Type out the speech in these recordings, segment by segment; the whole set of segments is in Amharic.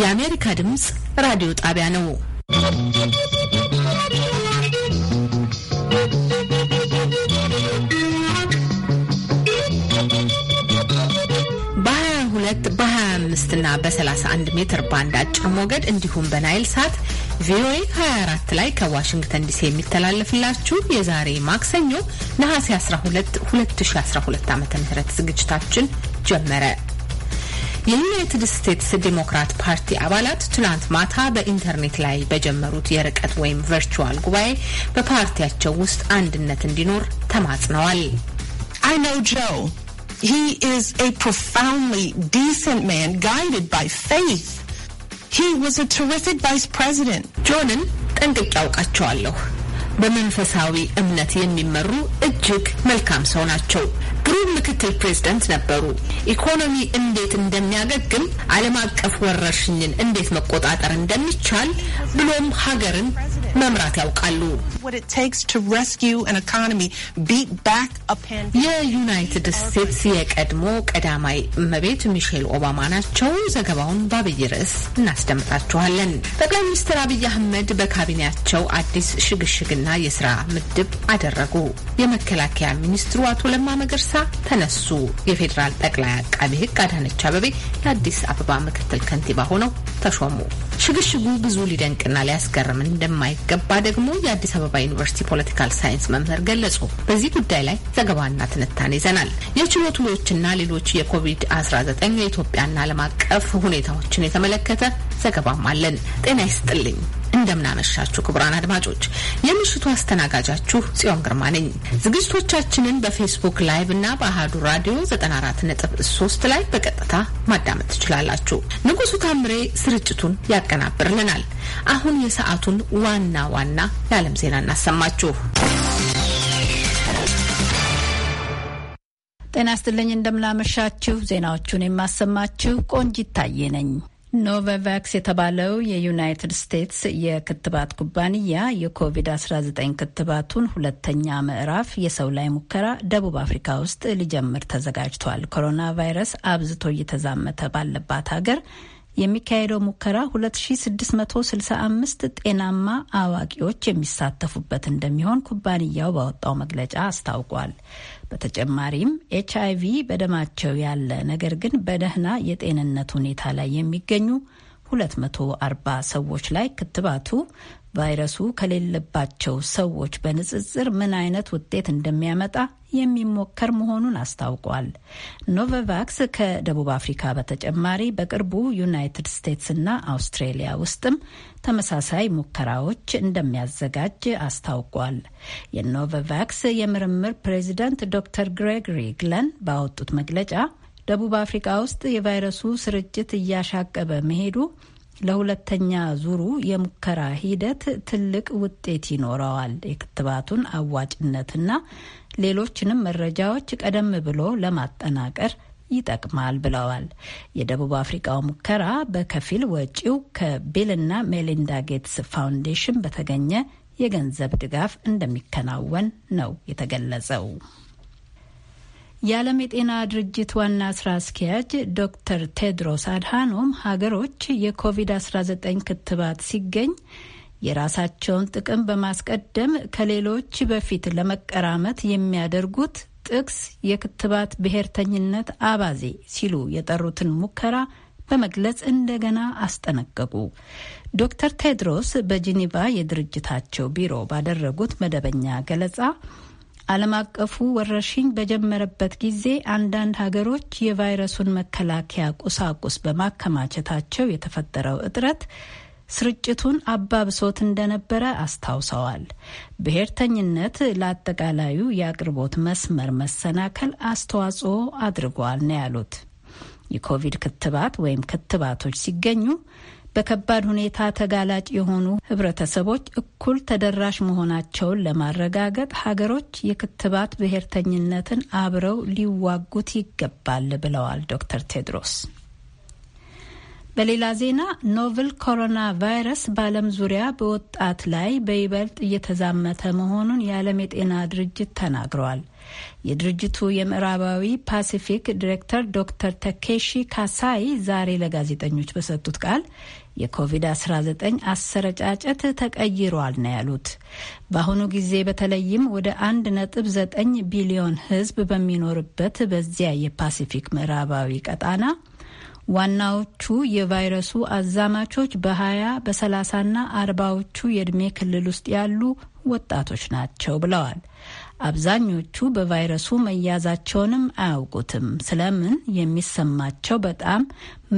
የአሜሪካ ድምፅ ራዲዮ ጣቢያ ነው። በ22 በ25 እና በ31 ሜትር ባንድ አጭር ሞገድ እንዲሁም በናይል ሳት ቪኦኤ 24 ላይ ከዋሽንግተን ዲሲ የሚተላለፍላችሁ የዛሬ ማክሰኞ ነሐሴ 12 2012 ዓ ም ዝግጅታችን ጀመረ። የዩናይትድ ስቴትስ ዴሞክራት ፓርቲ አባላት ትናንት ማታ በኢንተርኔት ላይ በጀመሩት የርቀት ወይም ቨርቹዋል ጉባኤ በፓርቲያቸው ውስጥ አንድነት እንዲኖር ተማጽነዋል። I know Joe. He is a profoundly decent man guided by ጆንን ጠንቅቄ ያውቃቸዋለሁ። በመንፈሳዊ እምነት የሚመሩ እጅግ መልካም ሰው ናቸው። ግሩም ምክትል ፕሬዝደንት ነበሩ። ኢኮኖሚ እንዴት እንደሚያገግም፣ ዓለም አቀፍ ወረርሽኝን እንዴት መቆጣጠር እንደሚቻል ብሎም ሀገርን መምራት ያውቃሉ። የዩናይትድ ስቴትስ የቀድሞ ቀዳማይ እመቤት ሚሼል ኦባማ ናቸው። ዘገባውን በአብይ ርዕስ እናስደምጣችኋለን። ጠቅላይ ሚኒስትር አብይ አህመድ በካቢኔያቸው አዲስ ሽግሽግና የስራ ምድብ አደረጉ። የመከላከያ ሚኒስትሩ አቶ ለማ መገርሳ ተነሱ። የፌዴራል ጠቅላይ አቃቢ ሕግ አዳነች አበቤ የአዲስ አበባ ምክትል ከንቲባ ሆነው ተሾሙ። ሽግሽጉ ብዙ ሊደንቅና ሊያስገርም እንደማይገባ ደግሞ የአዲስ አበባ ዩኒቨርሲቲ ፖለቲካል ሳይንስ መምህር ገለጹ። በዚህ ጉዳይ ላይ ዘገባና ትንታኔ ይዘናል። የችሎት ውሎችና ሌሎች የኮቪድ-19 የኢትዮጵያና ዓለም አቀፍ ሁኔታዎችን የተመለከተ ዘገባም አለን። ጤና ይስጥልኝ። እንደምናመሻችሁ ክቡራን አድማጮች፣ የምሽቱ አስተናጋጃችሁ ጽዮን ግርማ ነኝ። ዝግጅቶቻችንን በፌስቡክ ላይቭ እና በአህዱ ራዲዮ 94.3 ላይ በቀጥታ ማዳመጥ ትችላላችሁ። ንጉሱ ታምሬ ስርጭቱን ያቀናብርልናል። አሁን የሰዓቱን ዋና ዋና የዓለም ዜና እናሰማችሁ። ጤና ይስጥልኝ። እንደምናመሻችሁ ዜናዎቹን የማሰማችሁ ቆንጂት ታዬ ነኝ። ኖቨቫክስ የተባለው የዩናይትድ ስቴትስ የክትባት ኩባንያ የኮቪድ-19 ክትባቱን ሁለተኛ ምዕራፍ የሰው ላይ ሙከራ ደቡብ አፍሪካ ውስጥ ሊጀምር ተዘጋጅቷል። ኮሮና ቫይረስ አብዝቶ እየተዛመተ ባለባት ሀገር የሚካሄደው ሙከራ 2665 ጤናማ አዋቂዎች የሚሳተፉበት እንደሚሆን ኩባንያው ባወጣው መግለጫ አስታውቋል። በተጨማሪም ኤች አይቪ በደማቸው ያለ ነገር ግን በደህና የጤንነት ሁኔታ ላይ የሚገኙ 240 ሰዎች ላይ ክትባቱ ቫይረሱ ከሌለባቸው ሰዎች በንጽጽር ምን አይነት ውጤት እንደሚያመጣ የሚሞከር መሆኑን አስታውቋል። ኖቨቫክስ ከደቡብ አፍሪካ በተጨማሪ በቅርቡ ዩናይትድ ስቴትስ እና አውስትሬሊያ ውስጥም ተመሳሳይ ሙከራዎች እንደሚያዘጋጅ አስታውቋል። የኖቨቫክስ የምርምር ፕሬዚዳንት ዶክተር ግሬግሪ ግለን ባወጡት መግለጫ ደቡብ አፍሪካ ውስጥ የቫይረሱ ስርጭት እያሻቀበ መሄዱ ለሁለተኛ ዙሩ የሙከራ ሂደት ትልቅ ውጤት ይኖረዋል። የክትባቱን አዋጭነትና ሌሎችንም መረጃዎች ቀደም ብሎ ለማጠናቀር ይጠቅማል ብለዋል። የደቡብ አፍሪካው ሙከራ በከፊል ወጪው ከቢልና ሜሊንዳ ጌትስ ፋውንዴሽን በተገኘ የገንዘብ ድጋፍ እንደሚከናወን ነው የተገለጸው። የዓለም የጤና ድርጅት ዋና ስራ አስኪያጅ ዶክተር ቴድሮስ አድሃኖም ሀገሮች የኮቪድ-19 ክትባት ሲገኝ የራሳቸውን ጥቅም በማስቀደም ከሌሎች በፊት ለመቀራመት የሚያደርጉት ጥቅስ የክትባት ብሔርተኝነት አባዜ ሲሉ የጠሩትን ሙከራ በመግለጽ እንደገና አስጠነቀቁ። ዶክተር ቴድሮስ በጂኒቫ የድርጅታቸው ቢሮ ባደረጉት መደበኛ ገለጻ ዓለም አቀፉ ወረርሽኝ በጀመረበት ጊዜ አንዳንድ ሀገሮች የቫይረሱን መከላከያ ቁሳቁስ በማከማቸታቸው የተፈጠረው እጥረት ስርጭቱን አባብሶት እንደነበረ አስታውሰዋል። ብሔርተኝነት ለአጠቃላዩ የአቅርቦት መስመር መሰናከል አስተዋጽኦ አድርጓል ነው ያሉት። የኮቪድ ክትባት ወይም ክትባቶች ሲገኙ በከባድ ሁኔታ ተጋላጭ የሆኑ ህብረተሰቦች እኩል ተደራሽ መሆናቸውን ለማረጋገጥ ሀገሮች የክትባት ብሔርተኝነትን አብረው ሊዋጉት ይገባል ብለዋል ዶክተር ቴድሮስ። በሌላ ዜና ኖቨል ኮሮና ቫይረስ በዓለም ዙሪያ በወጣት ላይ በይበልጥ እየተዛመተ መሆኑን የዓለም የጤና ድርጅት ተናግረዋል። የድርጅቱ የምዕራባዊ ፓሲፊክ ዲሬክተር ዶክተር ተኬሺ ካሳይ ዛሬ ለጋዜጠኞች በሰጡት ቃል የኮቪድ-19 አሰረጫጨት ተቀይሯል ነው ያሉት። በአሁኑ ጊዜ በተለይም ወደ 1.9 ቢሊዮን ሕዝብ በሚኖርበት በዚያ የፓሲፊክ ምዕራባዊ ቀጣና ዋናዎቹ የቫይረሱ አዛማቾች በ20 በ30ና 40ዎቹ የዕድሜ ክልል ውስጥ ያሉ ወጣቶች ናቸው ብለዋል። አብዛኞቹ በቫይረሱ መያዛቸውንም አያውቁትም። ስለምን የሚሰማቸው በጣም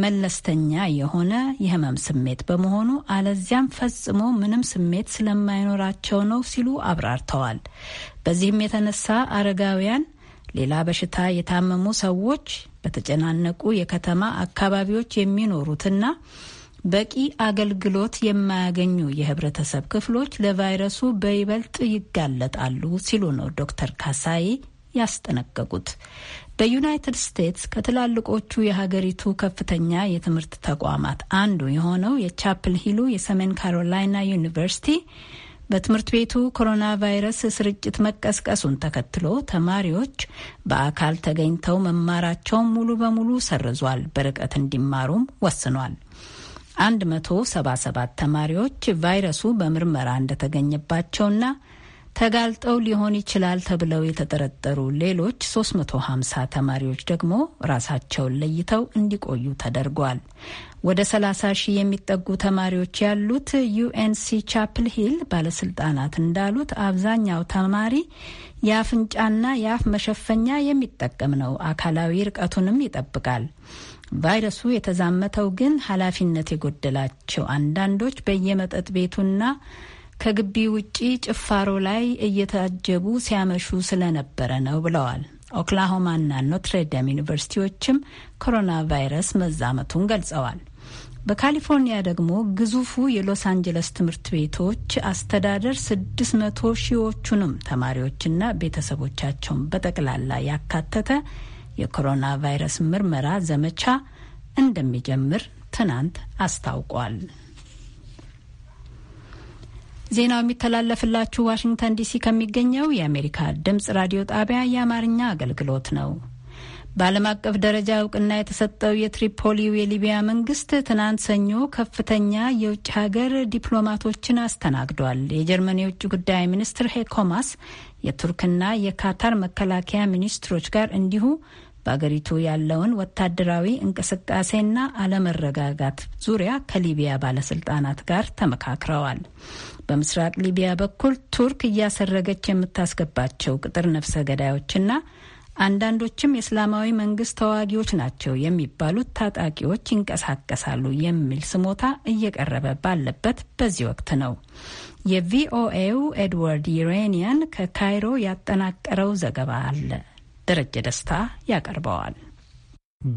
መለስተኛ የሆነ የህመም ስሜት በመሆኑ አለዚያም ፈጽሞ ምንም ስሜት ስለማይኖራቸው ነው ሲሉ አብራርተዋል። በዚህም የተነሳ አረጋውያን፣ ሌላ በሽታ የታመሙ ሰዎች፣ በተጨናነቁ የከተማ አካባቢዎች የሚኖሩትና በቂ አገልግሎት የማያገኙ የህብረተሰብ ክፍሎች ለቫይረሱ በይበልጥ ይጋለጣሉ ሲሉ ነው ዶክተር ካሳይ ያስጠነቀቁት። በዩናይትድ ስቴትስ ከትላልቆቹ የሀገሪቱ ከፍተኛ የትምህርት ተቋማት አንዱ የሆነው የቻፕል ሂሉ የሰሜን ካሮላይና ዩኒቨርሲቲ በትምህርት ቤቱ ኮሮና ቫይረስ ስርጭት መቀስቀሱን ተከትሎ ተማሪዎች በአካል ተገኝተው መማራቸውን ሙሉ በሙሉ ሰርዟል። በርቀት እንዲማሩም ወስኗል። 177 ተማሪዎች ቫይረሱ በምርመራ እንደተገኘባቸውና ተጋልጠው ሊሆን ይችላል ተብለው የተጠረጠሩ ሌሎች 350 ተማሪዎች ደግሞ ራሳቸውን ለይተው እንዲቆዩ ተደርጓል። ወደ 30 ሺህ የሚጠጉ ተማሪዎች ያሉት ዩኤንሲ ቻፕል ሂል ባለስልጣናት እንዳሉት አብዛኛው ተማሪ የአፍንጫና የአፍ መሸፈኛ የሚጠቀም ነው። አካላዊ ርቀቱንም ይጠብቃል። ቫይረሱ የተዛመተው ግን ኃላፊነት የጎደላቸው አንዳንዶች በየመጠጥ ቤቱና ከግቢ ውጪ ጭፋሮ ላይ እየታጀቡ ሲያመሹ ስለነበረ ነው ብለዋል። ኦክላሆማና ኖትሬዳም ዩኒቨርሲቲዎችም ኮሮና ቫይረስ መዛመቱን ገልጸዋል። በካሊፎርኒያ ደግሞ ግዙፉ የሎስ አንጀለስ ትምህርት ቤቶች አስተዳደር ስድስት መቶ ሺዎቹንም ተማሪዎችና ቤተሰቦቻቸውን በጠቅላላ ያካተተ የኮሮና ቫይረስ ምርመራ ዘመቻ እንደሚጀምር ትናንት አስታውቋል። ዜናው የሚተላለፍላችሁ ዋሽንግተን ዲሲ ከሚገኘው የአሜሪካ ድምጽ ራዲዮ ጣቢያ የአማርኛ አገልግሎት ነው። በዓለም አቀፍ ደረጃ እውቅና የተሰጠው የትሪፖሊው የሊቢያ መንግስት ትናንት ሰኞ ከፍተኛ የውጭ ሀገር ዲፕሎማቶችን አስተናግዷል። የጀርመን የውጭ ጉዳይ ሚኒስትር ሄኮማስ የቱርክና የካታር መከላከያ ሚኒስትሮች ጋር እንዲሁ በአገሪቱ ያለውን ወታደራዊ እንቅስቃሴና አለመረጋጋት ዙሪያ ከሊቢያ ባለስልጣናት ጋር ተመካክረዋል። በምስራቅ ሊቢያ በኩል ቱርክ እያሰረገች የምታስገባቸው ቅጥር ነፍሰ ገዳዮችና አንዳንዶችም የእስላማዊ መንግስት ተዋጊዎች ናቸው የሚባሉት ታጣቂዎች ይንቀሳቀሳሉ የሚል ስሞታ እየቀረበ ባለበት በዚህ ወቅት ነው የቪኦኤው ኤድዋርድ ዩሬኒያን ከካይሮ ያጠናቀረው ዘገባ አለ። ደረጀ ደስታ ያቀርበዋል።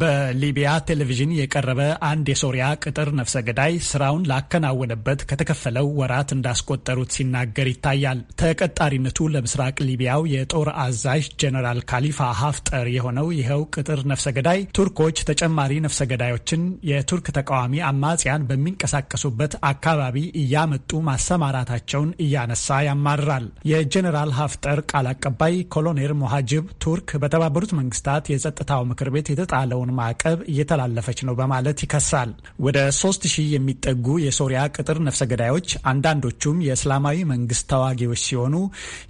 በሊቢያ ቴሌቪዥን የቀረበ አንድ የሶሪያ ቅጥር ነፍሰ ገዳይ ስራውን ላከናወነበት ከተከፈለው ወራት እንዳስቆጠሩት ሲናገር ይታያል። ተቀጣሪነቱ ለምስራቅ ሊቢያው የጦር አዛዥ ጀኔራል ካሊፋ ሀፍጠር የሆነው ይኸው ቅጥር ነፍሰ ገዳይ ቱርኮች ተጨማሪ ነፍሰ ገዳዮችን የቱርክ ተቃዋሚ አማጽያን በሚንቀሳቀሱበት አካባቢ እያመጡ ማሰማራታቸውን እያነሳ ያማርራል። የጀኔራል ሀፍጠር ቃል አቀባይ ኮሎኔል ሞሃጅብ ቱርክ በተባበሩት መንግስታት የጸጥታው ምክር ቤት የተጣለ ያለውን ማዕቀብ እየተላለፈች ነው በማለት ይከሳል። ወደ ሶስት ሺህ የሚጠጉ የሶሪያ ቅጥር ነፍሰ ገዳዮች አንዳንዶቹም የእስላማዊ መንግስት ተዋጊዎች ሲሆኑ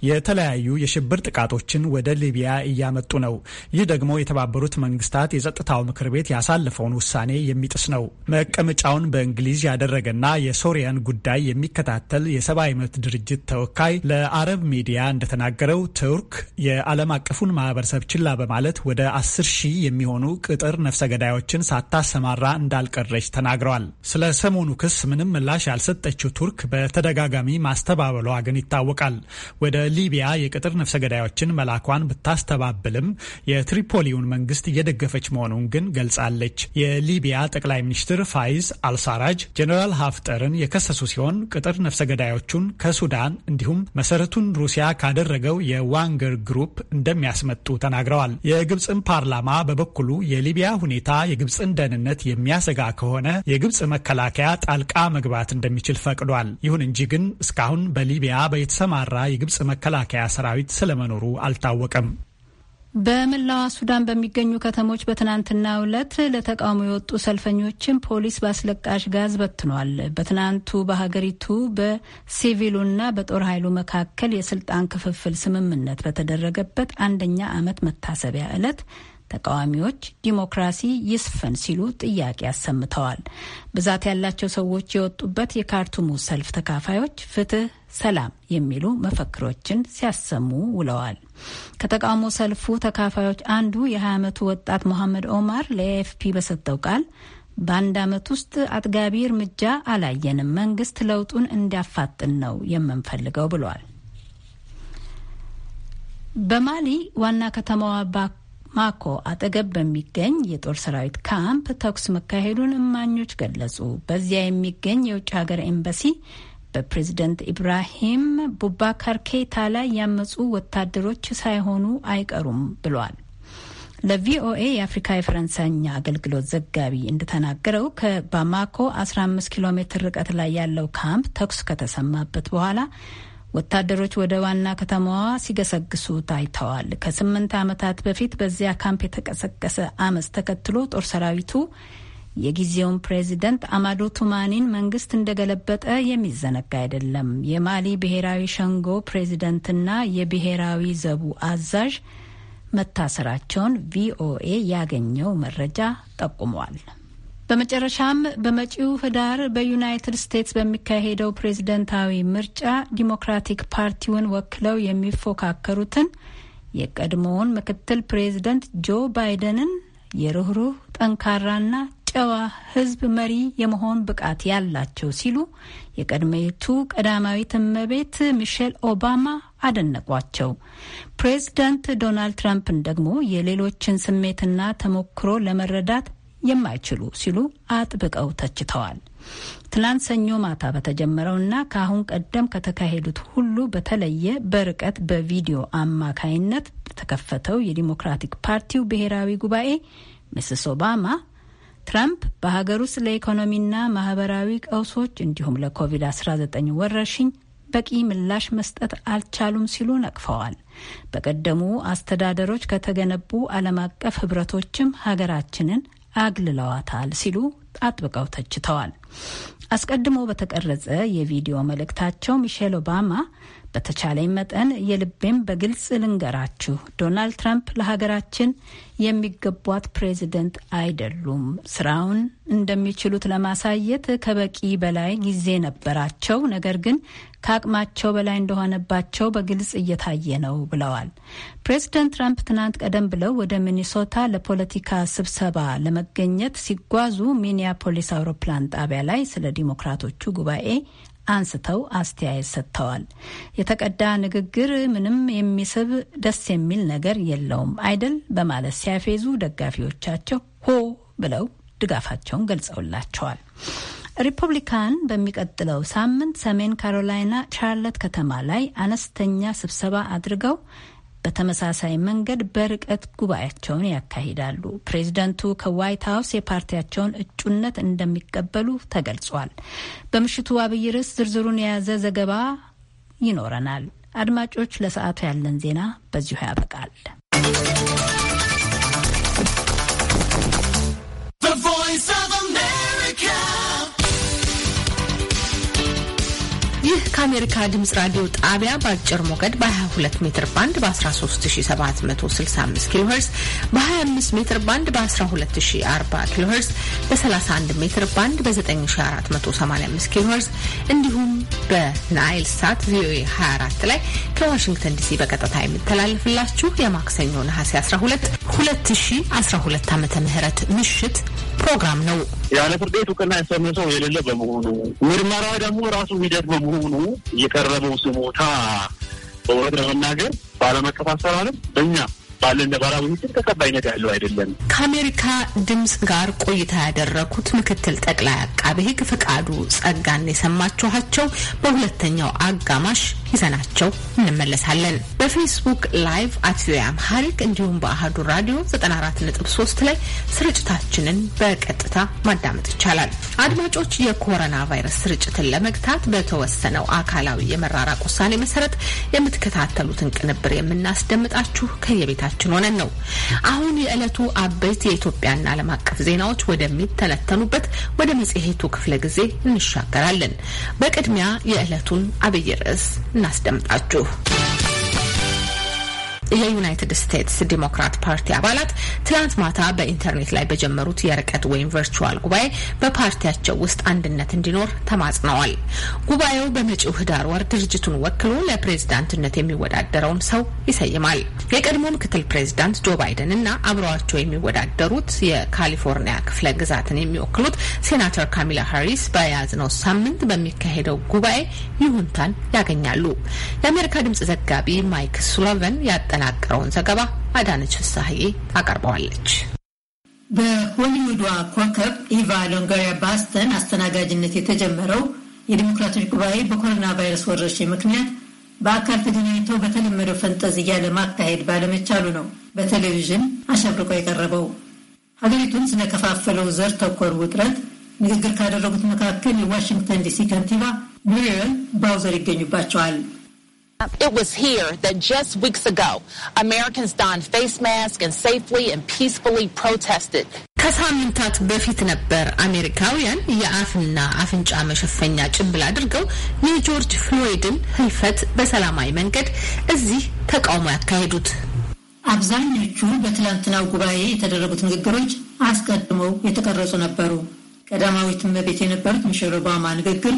የተለያዩ የሽብር ጥቃቶችን ወደ ሊቢያ እያመጡ ነው። ይህ ደግሞ የተባበሩት መንግስታት የጸጥታው ምክር ቤት ያሳለፈውን ውሳኔ የሚጥስ ነው። መቀመጫውን በእንግሊዝ ያደረገና የሶሪያን ጉዳይ የሚከታተል የሰብአዊ መብት ድርጅት ተወካይ ለአረብ ሚዲያ እንደተናገረው ቱርክ የዓለም አቀፉን ማህበረሰብ ችላ በማለት ወደ አስር ሺህ የሚሆኑ ቅጥር ነፍሰ ገዳዮችን ሳታሰማራ እንዳልቀረች ተናግረዋል። ስለ ሰሞኑ ክስ ምንም ምላሽ ያልሰጠችው ቱርክ በተደጋጋሚ ማስተባበሏ ግን ይታወቃል። ወደ ሊቢያ የቅጥር ነፍሰ ገዳዮችን መላኳን ብታስተባብልም የትሪፖሊውን መንግስት እየደገፈች መሆኑን ግን ገልጻለች። የሊቢያ ጠቅላይ ሚኒስትር ፋይዝ አልሳራጅ ጀኔራል ሀፍጠርን የከሰሱ ሲሆን ቅጥር ነፍሰ ገዳዮቹን ከሱዳን እንዲሁም መሰረቱን ሩሲያ ካደረገው የዋንገር ግሩፕ እንደሚያስመጡ ተናግረዋል። የግብፅን ፓርላማ በበኩሉ የ የሊቢያ ሁኔታ የግብፅን ደህንነት የሚያሰጋ ከሆነ የግብፅ መከላከያ ጣልቃ መግባት እንደሚችል ፈቅዷል። ይሁን እንጂ ግን እስካሁን በሊቢያ በየተሰማራ የግብፅ መከላከያ ሰራዊት ስለመኖሩ አልታወቀም። በመላዋ ሱዳን በሚገኙ ከተሞች በትናንትና ዕለት ለተቃውሞ የወጡ ሰልፈኞችን ፖሊስ በአስለቃሽ ጋዝ በትኗል። በትናንቱ በሀገሪቱ በሲቪሉና በጦር ኃይሉ መካከል የስልጣን ክፍፍል ስምምነት በተደረገበት አንደኛ ዓመት መታሰቢያ ዕለት ተቃዋሚዎች ዲሞክራሲ ይስፈን ሲሉ ጥያቄ አሰምተዋል። ብዛት ያላቸው ሰዎች የወጡበት የካርቱሙ ሰልፍ ተካፋዮች ፍትህ፣ ሰላም የሚሉ መፈክሮችን ሲያሰሙ ውለዋል። ከተቃውሞ ሰልፉ ተካፋዮች አንዱ የ20 ዓመቱ ወጣት ሞሐመድ ኦማር ለኤኤፍፒ በሰጠው ቃል በአንድ ዓመት ውስጥ አጥጋቢ እርምጃ አላየንም። መንግስት ለውጡን እንዲያፋጥን ነው የምንፈልገው ብሏል። በማሊ ዋና ከተማዋ ባ ማኮ አጠገብ በሚገኝ የጦር ሰራዊት ካምፕ ተኩስ መካሄዱን እማኞች ገለጹ። በዚያ የሚገኝ የውጭ ሀገር ኤምባሲ በፕሬዝደንት ኢብራሂም ቡባካር ኬይታ ላይ ያመጹ ወታደሮች ሳይሆኑ አይቀሩም ብሏል። ለቪኦኤ የአፍሪካ የፈረንሳይኛ አገልግሎት ዘጋቢ እንደተናገረው ከባማኮ 15 ኪሎ ሜትር ርቀት ላይ ያለው ካምፕ ተኩስ ከተሰማበት በኋላ ወታደሮች ወደ ዋና ከተማዋ ሲገሰግሱ ታይተዋል። ከስምንት ዓመታት በፊት በዚያ ካምፕ የተቀሰቀሰ አመፅ ተከትሎ ጦር ሰራዊቱ የጊዜውን ፕሬዚደንት አማዶ ቱማኒን መንግስት እንደገለበጠ የሚዘነጋ አይደለም። የማሊ ብሔራዊ ሸንጎ ፕሬዚደንትና የብሔራዊ ዘቡ አዛዥ መታሰራቸውን ቪኦኤ ያገኘው መረጃ ጠቁሟል። በመጨረሻም በመጪው ህዳር በዩናይትድ ስቴትስ በሚካሄደው ፕሬዝደንታዊ ምርጫ ዲሞክራቲክ ፓርቲውን ወክለው የሚፎካከሩትን የቀድሞውን ምክትል ፕሬዝደንት ጆ ባይደንን የርኅሩህ ጠንካራና ጨዋ ህዝብ መሪ የመሆን ብቃት ያላቸው ሲሉ የቀድሞይቱ ቀዳማዊት እመቤት ሚሼል ኦባማ አደነቋቸው። ፕሬዝደንት ዶናልድ ትራምፕን ደግሞ የሌሎችን ስሜትና ተሞክሮ ለመረዳት የማይችሉ ሲሉ አጥብቀው ተችተዋል። ትላንት ሰኞ ማታ በተጀመረውና ከአሁን ቀደም ከተካሄዱት ሁሉ በተለየ በርቀት በቪዲዮ አማካይነት ተከፈተው የዲሞክራቲክ ፓርቲው ብሔራዊ ጉባኤ ሚስስ ኦባማ ትራምፕ በሀገር ውስጥ ለኢኮኖሚና ማህበራዊ ቀውሶች እንዲሁም ለኮቪድ-19 ወረርሽኝ በቂ ምላሽ መስጠት አልቻሉም ሲሉ ነቅፈዋል። በቀደሙ አስተዳደሮች ከተገነቡ ዓለም አቀፍ ህብረቶችም ሀገራችንን አግልለዋታል ሲሉ አጥብቀው ተችተዋል። አስቀድሞ በተቀረጸ የቪዲዮ መልእክታቸው ሚሼል ኦባማ በተቻለኝ መጠን የልቤም በግልጽ ልንገራችሁ፣ ዶናልድ ትራምፕ ለሀገራችን የሚገቧት ፕሬዚደንት አይደሉም። ስራውን እንደሚችሉት ለማሳየት ከበቂ በላይ ጊዜ ነበራቸው። ነገር ግን ከአቅማቸው በላይ እንደሆነባቸው በግልጽ እየታየ ነው ብለዋል። ፕሬዚደንት ትራምፕ ትናንት ቀደም ብለው ወደ ሚኒሶታ ለፖለቲካ ስብሰባ ለመገኘት ሲጓዙ ሚኒያፖሊስ አውሮፕላን ጣቢያ ላይ ስለ ዲሞክራቶቹ ጉባኤ አንስተው አስተያየት ሰጥተዋል። የተቀዳ ንግግር ምንም የሚስብ ደስ የሚል ነገር የለውም አይደል? በማለት ሲያፌዙ ደጋፊዎቻቸው ሆ ብለው ድጋፋቸውን ገልጸውላቸዋል። ሪፐብሊካን በሚቀጥለው ሳምንት ሰሜን ካሮላይና ቻርለት ከተማ ላይ አነስተኛ ስብሰባ አድርገው በተመሳሳይ መንገድ በርቀት ጉባኤያቸውን ያካሂዳሉ። ፕሬዚደንቱ ከዋይት ሀውስ የፓርቲያቸውን እጩነት እንደሚቀበሉ ተገልጿል። በምሽቱ አብይ ርዕስ ዝርዝሩን የያዘ ዘገባ ይኖረናል። አድማጮች፣ ለሰዓቱ ያለን ዜና በዚሁ ያበቃል። ቮይስ ይህ ከአሜሪካ ድምጽ ራዲዮ ጣቢያ በአጭር ሞገድ በ22 ሜትር ባንድ በ13765 ኪሎ ሄርዝ በ25 ሜትር ባንድ በ1240 ኪሎ ሄርዝ በ31 ሜትር ባንድ በ9485 ኪሎ ሄርዝ እንዲሁም በናይል ሳት ቪኦኤ 24 ላይ ከዋሽንግተን ዲሲ በቀጥታ የሚተላለፍላችሁ የማክሰኞ ነሐሴ 12 2012 ዓ ምህረት ምሽት ፕሮግራም ነው። ያለ ፍርድ ቤት እውቅና ያሰነሰው የሌለ በመሆኑ ምርመራ ደግሞ ራሱ ሂደት በመሆኑ በመሆኑ የቀረበው ስሞታ በእውነት ለመናገር በዓለም አቀፍ አሰራርም በእኛ ባለን ነባራዊ ውስጥ ተቀባይነት ያለው አይደለም። ከአሜሪካ ድምፅ ጋር ቆይታ ያደረጉት ምክትል ጠቅላይ አቃቤ ሕግ ፍቃዱ ጸጋን የሰማችኋቸው በሁለተኛው አጋማሽ ይዘናቸው እንመለሳለን። በፌስቡክ ላይቭ አት ቪኦኤ አምሃሪክ እንዲሁም በአህዱ ራዲዮ 94.3 ላይ ስርጭታችንን በቀጥታ ማዳመጥ ይቻላል። አድማጮች፣ የኮሮና ቫይረስ ስርጭትን ለመግታት በተወሰነው አካላዊ የመራራቅ ውሳኔ መሰረት የምትከታተሉትን ቅንብር የምናስደምጣችሁ ከየቤታችሁ ከጎናችን ሆነን ነው። አሁን የዕለቱ አበይት የኢትዮጵያና ዓለም አቀፍ ዜናዎች ወደሚተነተኑበት ወደ መጽሔቱ ክፍለ ጊዜ እንሻገራለን። በቅድሚያ የዕለቱን አብይ ርዕስ እናስደምጣችሁ። የዩናይትድ ስቴትስ ዲሞክራት ፓርቲ አባላት ትናንት ማታ በኢንተርኔት ላይ በጀመሩት የርቀት ወይም ቨርቹዋል ጉባኤ በፓርቲያቸው ውስጥ አንድነት እንዲኖር ተማጽነዋል። ጉባኤው በመጪው ህዳር ወር ድርጅቱን ወክሎ ለፕሬዝዳንትነት የሚወዳደረውን ሰው ይሰይማል። የቀድሞ ምክትል ፕሬዝዳንት ጆ ባይደን እና አብረዋቸው የሚወዳደሩት የካሊፎርኒያ ክፍለ ግዛትን የሚወክሉት ሴናተር ካሚላ ሃሪስ በያዝነው ሳምንት በሚካሄደው ጉባኤ ይሁንታን ያገኛሉ። የአሜሪካ ድምጽ ዘጋቢ ማይክ ሱላቨን ያጠና የተጠናቀረውን ዘገባ አዳነች ፍሳሐዬ አቀርበዋለች። በሆሊውዷ ኮከብ ኢቫ ሎንጋሪያ ባስተን አስተናጋጅነት የተጀመረው የዲሞክራቶች ጉባኤ በኮሮና ቫይረስ ወረርሽኝ ምክንያት በአካል ተገናኝተው በተለመደው ፈንጠዝያ ለማካሄድ ባለመቻሉ ነው በቴሌቪዥን አሸብርቆ የቀረበው። ሀገሪቱን ስለከፋፈለው ዘር ተኮር ውጥረት ንግግር ካደረጉት መካከል የዋሽንግተን ዲሲ ከንቲባ ሚሪየል ባውዘር ይገኙባቸዋል። It was here that just weeks ago, Americans donned face masks and safely and peacefully protested. ከሳምንታት በፊት ነበር አሜሪካውያን የአፍና አፍንጫ መሸፈኛ ጭንብል አድርገው የጆርጅ ፍሎይድን ህልፈት በሰላማዊ መንገድ እዚህ ተቃውሞ ያካሄዱት። አብዛኞቹ በትላንትናው ጉባኤ የተደረጉት ንግግሮች አስቀድመው የተቀረጹ ነበሩ። ቀዳማዊት እመቤት የነበሩት ሚሼል ኦባማ ንግግር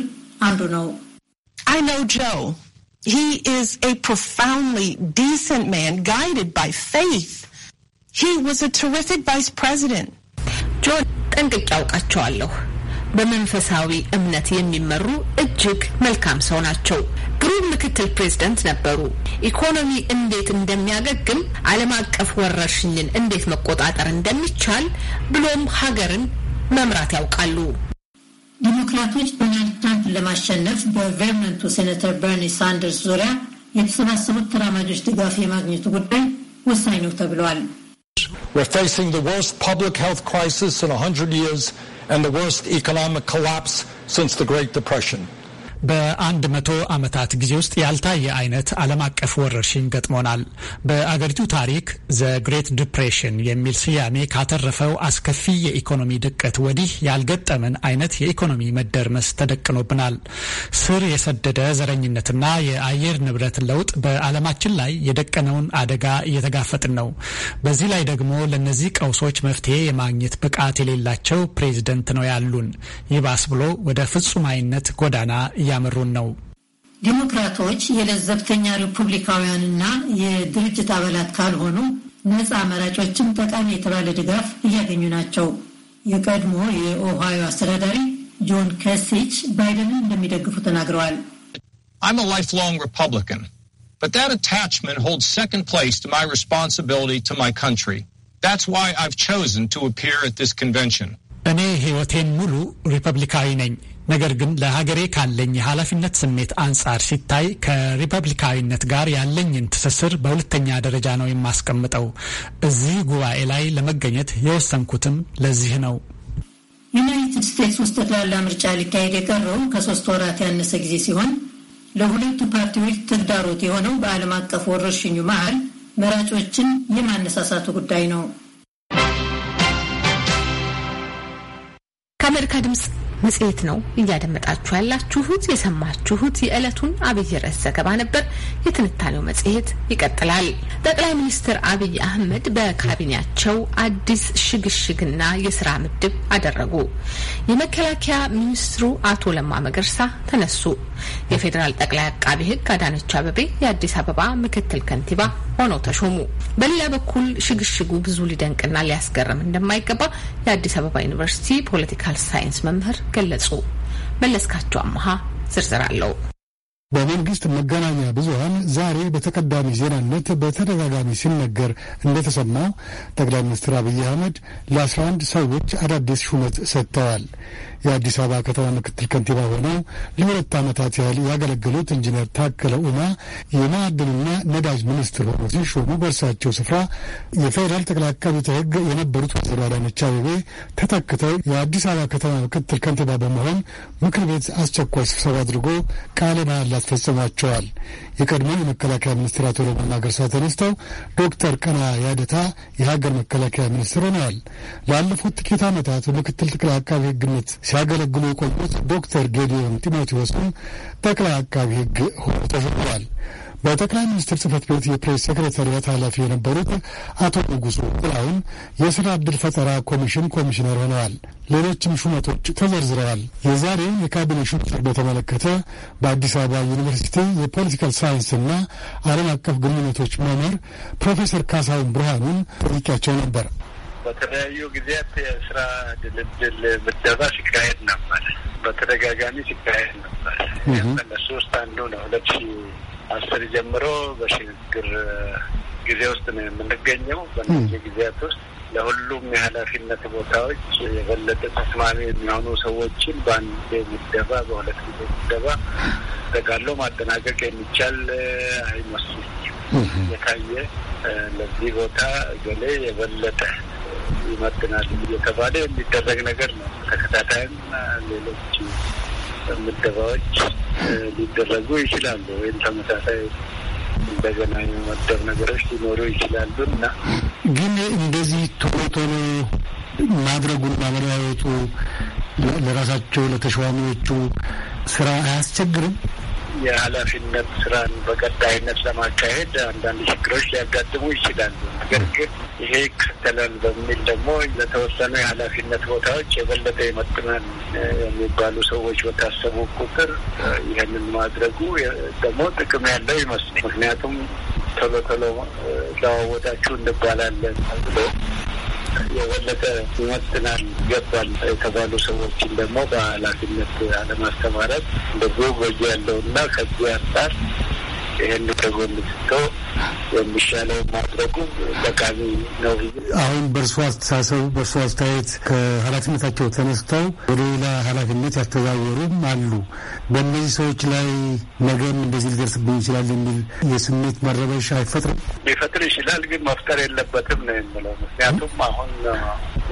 አንዱ ነው። አይ ነው ጆ He is a profoundly decent man guided by faith. He was a terrific vice president. ጆን ጠንቅቄ አውቃቸዋለሁ። በመንፈሳዊ እምነት የሚመሩ እጅግ መልካም ሰው ናቸው። ግሩም ምክትል ፕሬዝደንት ነበሩ። ኢኮኖሚ እንዴት እንደሚያገግም፣ ዓለም አቀፍ ወረርሽኝን እንዴት መቆጣጠር እንደሚቻል ብሎም ሀገርን መምራት ያውቃሉ። ዲሞክራቶች ዶናልድ ትራምፕን ለማሸነፍ በቬርመንቱ ሴኔተር በርኒ ሳንደርስ ዙሪያ የተሰባሰቡት ተራማጆች ድጋፍ የማግኘቱ ጉዳይ ወሳኝ ነው ተብለዋል። በአንድ መቶ ዓመታት ጊዜ ውስጥ ያልታየ አይነት ዓለም አቀፍ ወረርሽኝ ገጥሞናል። በአገሪቱ ታሪክ ዘ ግሬት ዲፕሬሽን የሚል ስያሜ ካተረፈው አስከፊ የኢኮኖሚ ድቀት ወዲህ ያልገጠመን አይነት የኢኮኖሚ መደርመስ ተደቅኖብናል። ስር የሰደደ ዘረኝነትና የአየር ንብረት ለውጥ በዓለማችን ላይ የደቀነውን አደጋ እየተጋፈጥን ነው። በዚህ ላይ ደግሞ ለእነዚህ ቀውሶች መፍትሄ የማግኘት ብቃት የሌላቸው ፕሬዚደንት ነው ያሉን። ይባስ ብሎ ወደ ፍጹማዊነት ጎዳና እያ እያመሩን ነው። ዲሞክራቶች የለዘብተኛ ሪፑብሊካውያንና የድርጅት አባላት ካልሆኑ ነፃ መራጮችም ጠቃሚ የተባለ ድጋፍ እያገኙ ናቸው። የቀድሞ የኦሃዮ አስተዳዳሪ ጆን ከሲች ባይደንን እንደሚደግፉ ተናግረዋል። I'm a lifelong Republican, but that attachment holds second place to my responsibility to my country. That's why I've chosen to appear at this convention. እኔ ሕይወቴን ሙሉ ሪፐብሊካዊ ነኝ ነገር ግን ለሀገሬ ካለኝ የኃላፊነት ስሜት አንጻር ሲታይ ከሪፐብሊካዊነት ጋር ያለኝን ትስስር በሁለተኛ ደረጃ ነው የማስቀምጠው። እዚህ ጉባኤ ላይ ለመገኘት የወሰንኩትም ለዚህ ነው። ዩናይትድ ስቴትስ ውስጥ ጠቅላላ ምርጫ ሊካሄድ የቀረው ከሶስት ወራት ያነሰ ጊዜ ሲሆን ለሁለቱ ፓርቲዎች ተግዳሮት የሆነው በዓለም አቀፍ ወረርሽኙ መሀል መራጮችን የማነሳሳቱ ጉዳይ ነው። ከአሜሪካ ድምጽ መጽሔት ነው እያደመጣችሁ ያላችሁት። የሰማችሁት የዕለቱን አብይ ርዕስ ዘገባ ነበር። የትንታኔው መጽሔት ይቀጥላል። ጠቅላይ ሚኒስትር አብይ አህመድ በካቢኔያቸው አዲስ ሽግሽግና የስራ ምድብ አደረጉ። የመከላከያ ሚኒስትሩ አቶ ለማ መገርሳ ተነሱ። የፌዴራል ጠቅላይ አቃቢ ሕግ አዳነች አበቤ የአዲስ አበባ ምክትል ከንቲባ ሆነው ተሾሙ። በሌላ በኩል ሽግሽጉ ብዙ ሊደንቅና ሊያስገርም እንደማይገባ የአዲስ አበባ ዩኒቨርሲቲ ፖለቲካል ሳይንስ መምህር ገለጹ። መለስካቸው አመሃ ዝርዝር አለው። በመንግስት መገናኛ ብዙኃን ዛሬ በተቀዳሚ ዜናነት በተደጋጋሚ ሲነገር እንደተሰማው ጠቅላይ ሚኒስትር አብይ አህመድ ለ11 ሰዎች አዳዲስ ሹመት ሰጥተዋል። የአዲስ አበባ ከተማ ምክትል ከንቲባ ሆነው ለሁለት ዓመታት ያህል ያገለገሉት ኢንጂነር ታከለ ኡማ የማዕድንና ነዳጅ ሚኒስትር ሆነው ሲሾሙ በእርሳቸው ስፍራ የፌዴራል ጠቅላይ አቃቤ ሕግ የነበሩት ወይዘሮ አዳነች አቤቤ ተተክተው የአዲስ አበባ ከተማ ምክትል ከንቲባ በመሆን ምክር ቤት አስቸኳይ ስብሰባ አድርጎ ቃለ መሃላ አስፈጽሟቸዋል። የቀድሞ የመከላከያ ሚኒስትር አቶ ለማ መገርሳ ተነስተው ዶክተር ቀና ያደታ የሀገር መከላከያ ሚኒስትር ሆነዋል። ላለፉት ጥቂት ዓመታት ምክትል ጠቅላይ አቃቢ ሕግነት ሲያገለግሉ የቆዩት ዶክተር ጌዲዮን ጢሞቴዎስም ጠቅላይ አቃቢ ሕግ ሆኖ ተሾመዋል። በጠቅላይ ሚኒስትር ጽህፈት ቤት የፕሬስ ሴክሬታሪያት ኃላፊ የነበሩት አቶ ንጉሱ ጥላሁን የስራ ዕድል ፈጠራ ኮሚሽን ኮሚሽነር ሆነዋል። ሌሎችም ሹመቶች ተዘርዝረዋል። የዛሬውን የካቢኔ ሹመት በተመለከተ በአዲስ አበባ ዩኒቨርሲቲ የፖለቲካል ሳይንስና ዓለም አቀፍ ግንኙነቶች መምህር ፕሮፌሰር ካሳሁን ብርሃኑን ጠይቄያቸው ነበር። በተለያዩ ጊዜያት የስራ ድልድል ምደባ ሲካሄድ ነበር። በተደጋጋሚ ሲካሄድ ነበር። ከነሱ ውስጥ አንዱ ነው። ሁለት ሺ አስር ጀምሮ በሽግግር ጊዜ ውስጥ ነው የምንገኘው። በነዚህ ጊዜያት ውስጥ ለሁሉም የኃላፊነት ቦታዎች የበለጠ ተስማሚ የሚሆኑ ሰዎችን በአንድ ምደባ፣ በሁለት ጊዜ ምደባ ተጋሎ ማጠናቀቅ የሚቻል አይመስልም የታየ ለዚህ ቦታ ገሌ የበለጠ ይመጥናል እየተባለ የሚደረግ ነገር ነው። ተከታታይም ሌሎች ምደባዎች ሊደረጉ ይችላሉ ወይም ተመሳሳይ እንደገና የመደብ ነገሮች ሊኖሩ ይችላሉ እና ግን እንደዚህ ቶሎ ቶሎ ማድረጉን ቤቱ ለራሳቸው ለተሸዋሚዎቹ ስራ አያስቸግርም? የኃላፊነት ስራን በቀጣይነት ለማካሄድ አንዳንድ ችግሮች ሊያጋጥሙ ይችላሉ። ነገር ግን ይሄ ይከተላል በሚል ደግሞ ለተወሰኑ የኃላፊነት ቦታዎች የበለጠ የመጥናን የሚባሉ ሰዎች በታሰቡ ቁጥር ይህንን ማድረጉ ደግሞ ጥቅም ያለው ይመስላል። ምክንያቱም ቶሎ ቶሎ ለዋወጣችሁ እንባላለን ብሎ የበለጠ ይመጥናል ይገባል የተባሉ ሰዎችን ደግሞ በኃላፊነት አለማስተማረት እንደዚሁ ጎጂ ያለውና ከዚህ አንጻር ይህን ከጎን ስተው የሚሻለው ማድረጉ ጠቃሚ ነው። አሁን በእርሶ አስተሳሰብ፣ በእርሶ አስተያየት ከኃላፊነታቸው ተነስተው ወደ ሌላ ኃላፊነት ያስተዛወሩም አሉ። በእነዚህ ሰዎች ላይ ነገም እንደዚህ ሊደርስብን ይችላል የሚል የስሜት መረበሽ አይፈጥርም? ሊፈጥር ይችላል፣ ግን መፍጠር የለበትም ነው የምለው። ምክንያቱም አሁን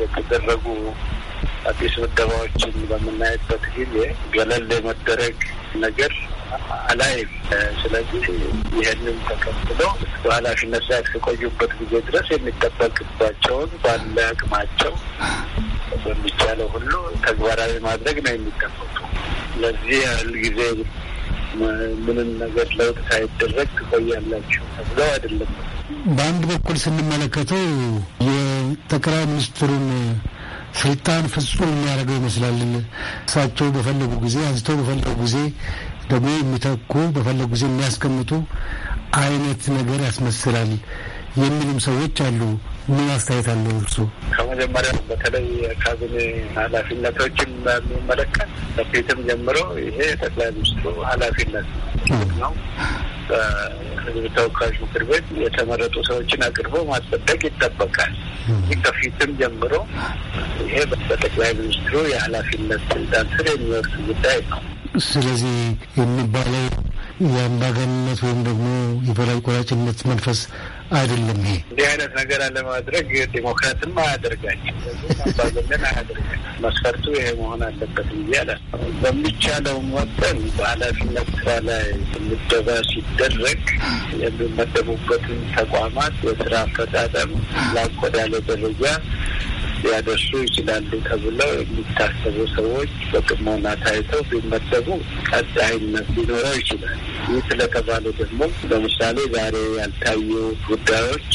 የተደረጉ አዲስ ምደባዎችን በምናይበት ጊዜ ገለል የመደረግ ነገር አላይ። ስለዚህ ይህንን ተቀብለው በኃላፊነት ላይ እስከቆዩበት ጊዜ ድረስ የሚጠበቅባቸውን ባለ አቅማቸው በሚቻለው ሁሉ ተግባራዊ ማድረግ ነው የሚጠበቁ። ለዚህ ያህል ጊዜ ምንም ነገር ለውጥ ሳይደረግ ትቆያላችሁ ተብለው አይደለም። በአንድ በኩል ስንመለከተው የጠቅላይ ሚኒስትሩን ስልጣን ፍጹም የሚያደርገው ይመስላል። እሳቸው በፈለጉ ጊዜ አንስተው በፈለጉ ጊዜ ደግሞ የሚተኩ በፈለጉ ጊዜ የሚያስቀምጡ አይነት ነገር ያስመስላል የሚሉም ሰዎች አሉ። ምን አስተያየት አለው እርሱ? ከመጀመሪያ በተለይ የካቢኔ ኃላፊነቶችን በሚመለከት በፊትም ጀምሮ ይሄ ጠቅላይ ሚኒስትሩ ኃላፊነት ነው። በህዝብ ተወካዮች ምክር ቤት የተመረጡ ሰዎችን አቅርቦ ማጸደቅ ይጠበቃል። ይህ ከፊትም ጀምሮ ይሄ በጠቅላይ ሚኒስትሩ የኃላፊነት ስልጣን ስር የሚወርድ ጉዳይ ነው። ስለዚህ የሚባለው የአምባገንነት ወይም ደግሞ የበላይ ቆራጭነት መንፈስ አይደለም። ይሄ እንዲህ አይነት ነገር አለማድረግ ዴሞክራትም አያደርጋቸው አያደርጋቸው። መስፈርቱ ይሄ መሆን አለበት ብዬ አላ በሚቻለው መጠን በኃላፊነት ስራ ላይ ምደባ ሲደረግ የሚመደቡበትን ተቋማት የስራ አፈጻጸም ላቆዳለ ደረጃ ሊያደርሱ ይችላሉ ተብለው የሚታሰቡ ሰዎች በቅሞና ታይተው ቢመደቡ ቀጣይነት ሊኖረው ይችላል። ይህ ስለተባለ ደግሞ ለምሳሌ ዛሬ ያልታዩ ጉዳዮች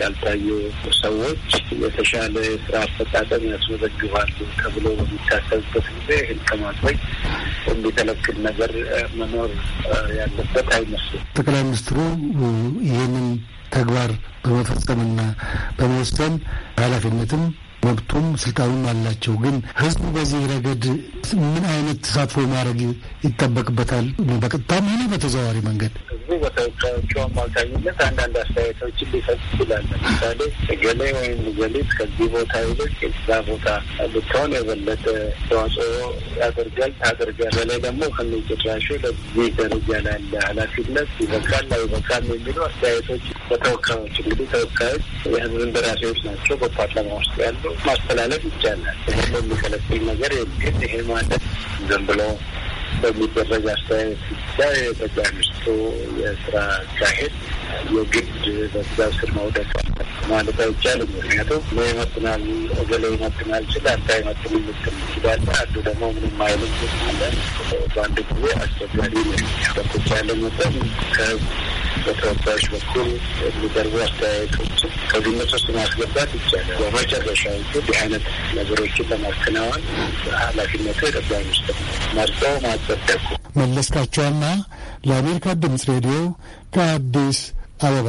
ያልታዩ ሰዎች የተሻለ ስራ አፈጣጠም ያስመዘግባሉ ተብሎ በሚታሰብበት ጊዜ ይህን ከማድረግ የሚከለክል ነገር መኖር ያለበት አይመስልም። ጠቅላይ ሚኒስትሩ ይህንን ተግባር በመፈጸምና በመወሰን ኃላፊነትም ወቅቱም ስልጣኑም አላቸው። ግን ህዝቡ በዚህ ረገድ ምን አይነት ተሳትፎ ማድረግ ይጠበቅበታል? በቀጥታም ሆነ በተዘዋዋሪ መንገድ በሰዎቻቸው አማካኝነት አንዳንድ አስተያየቶችን ሊሰጥ ይችላል። ለምሳሌ እገሌ ወይም እገሊት ከዚህ ቦታ ይልቅ እዛ ቦታ ብትሆን የበለጠ ተዋጽኦ ያደርጋል ታደርጋል። በላይ ደግሞ ከሚጭራሹ ለዚህ ደረጃ ላለ ኃላፊነት ይበቃል አይበቃም የሚሉ አስተያየቶች በተወካዮች እንግዲህ ተወካዮች የህዝብን ደራሲዎች ናቸው። በፓርላማ ውስጥ ያሉ ማስተላለፍ ይቻላል። ይህ የሚከለክል ነገር የለም። ይሄ ማለት ዝም ብሎ በሚደረግ አስተያየት ብቻ የጠቅላይ ሚኒስትሩ የስራ አካሄድ የግድ በዛ ስር መውደቅ ማለት አይቻልም። ምክንያቱም ነ ይመጥናል እገሌ ይመጥናል ችል አንተ አይመጥን ምትል ይችላለ አንዱ ደግሞ ምንም አይነት አለ። በአንድ ጊዜ አስቸጋሪ ነው። በተቻለ መጠን ከህዝብ በተወዳዮች በኩል የሚደርቡ አስተያየቶች ከግምት ውስጥ ማስገባት ይቻላል። በመጨረሻ እንዲህ አይነት ነገሮችን ለማከናወን ኃላፊነቱ የጠቅላይ ሚኒስትር መርጠው ማጸደቁ። መለስካቸዋና ለአሜሪካ ድምፅ ሬዲዮ ከአዲስ አበባ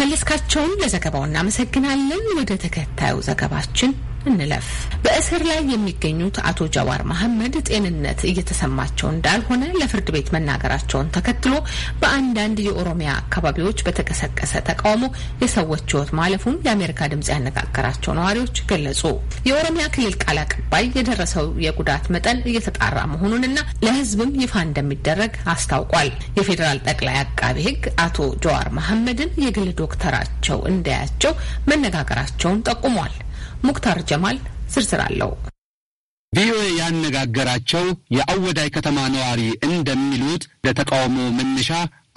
መለስካቸውን ለዘገባው እናመሰግናለን። ወደ ተከታዩ ዘገባችን እንለፍ። በእስር ላይ የሚገኙት አቶ ጀዋር መሐመድ ጤንነት እየተሰማቸው እንዳልሆነ ለፍርድ ቤት መናገራቸውን ተከትሎ በአንዳንድ የኦሮሚያ አካባቢዎች በተቀሰቀሰ ተቃውሞ የሰዎች ሕይወት ማለፉን የአሜሪካ ድምጽ ያነጋገራቸው ነዋሪዎች ገለጹ። የኦሮሚያ ክልል ቃል አቀባይ የደረሰው የጉዳት መጠን እየተጣራ መሆኑንና ለሕዝብም ይፋ እንደሚደረግ አስታውቋል። የፌዴራል ጠቅላይ አቃቤ ሕግ አቶ ጀዋር መሐመድን የግል ዶክተራቸው እንዳያቸው መነጋገራቸውን ጠቁሟል። ሙክታር ጀማል ዝርዝር አለው። ቪኦኤ ያነጋገራቸው የአወዳይ ከተማ ነዋሪ እንደሚሉት ለተቃውሞ መነሻ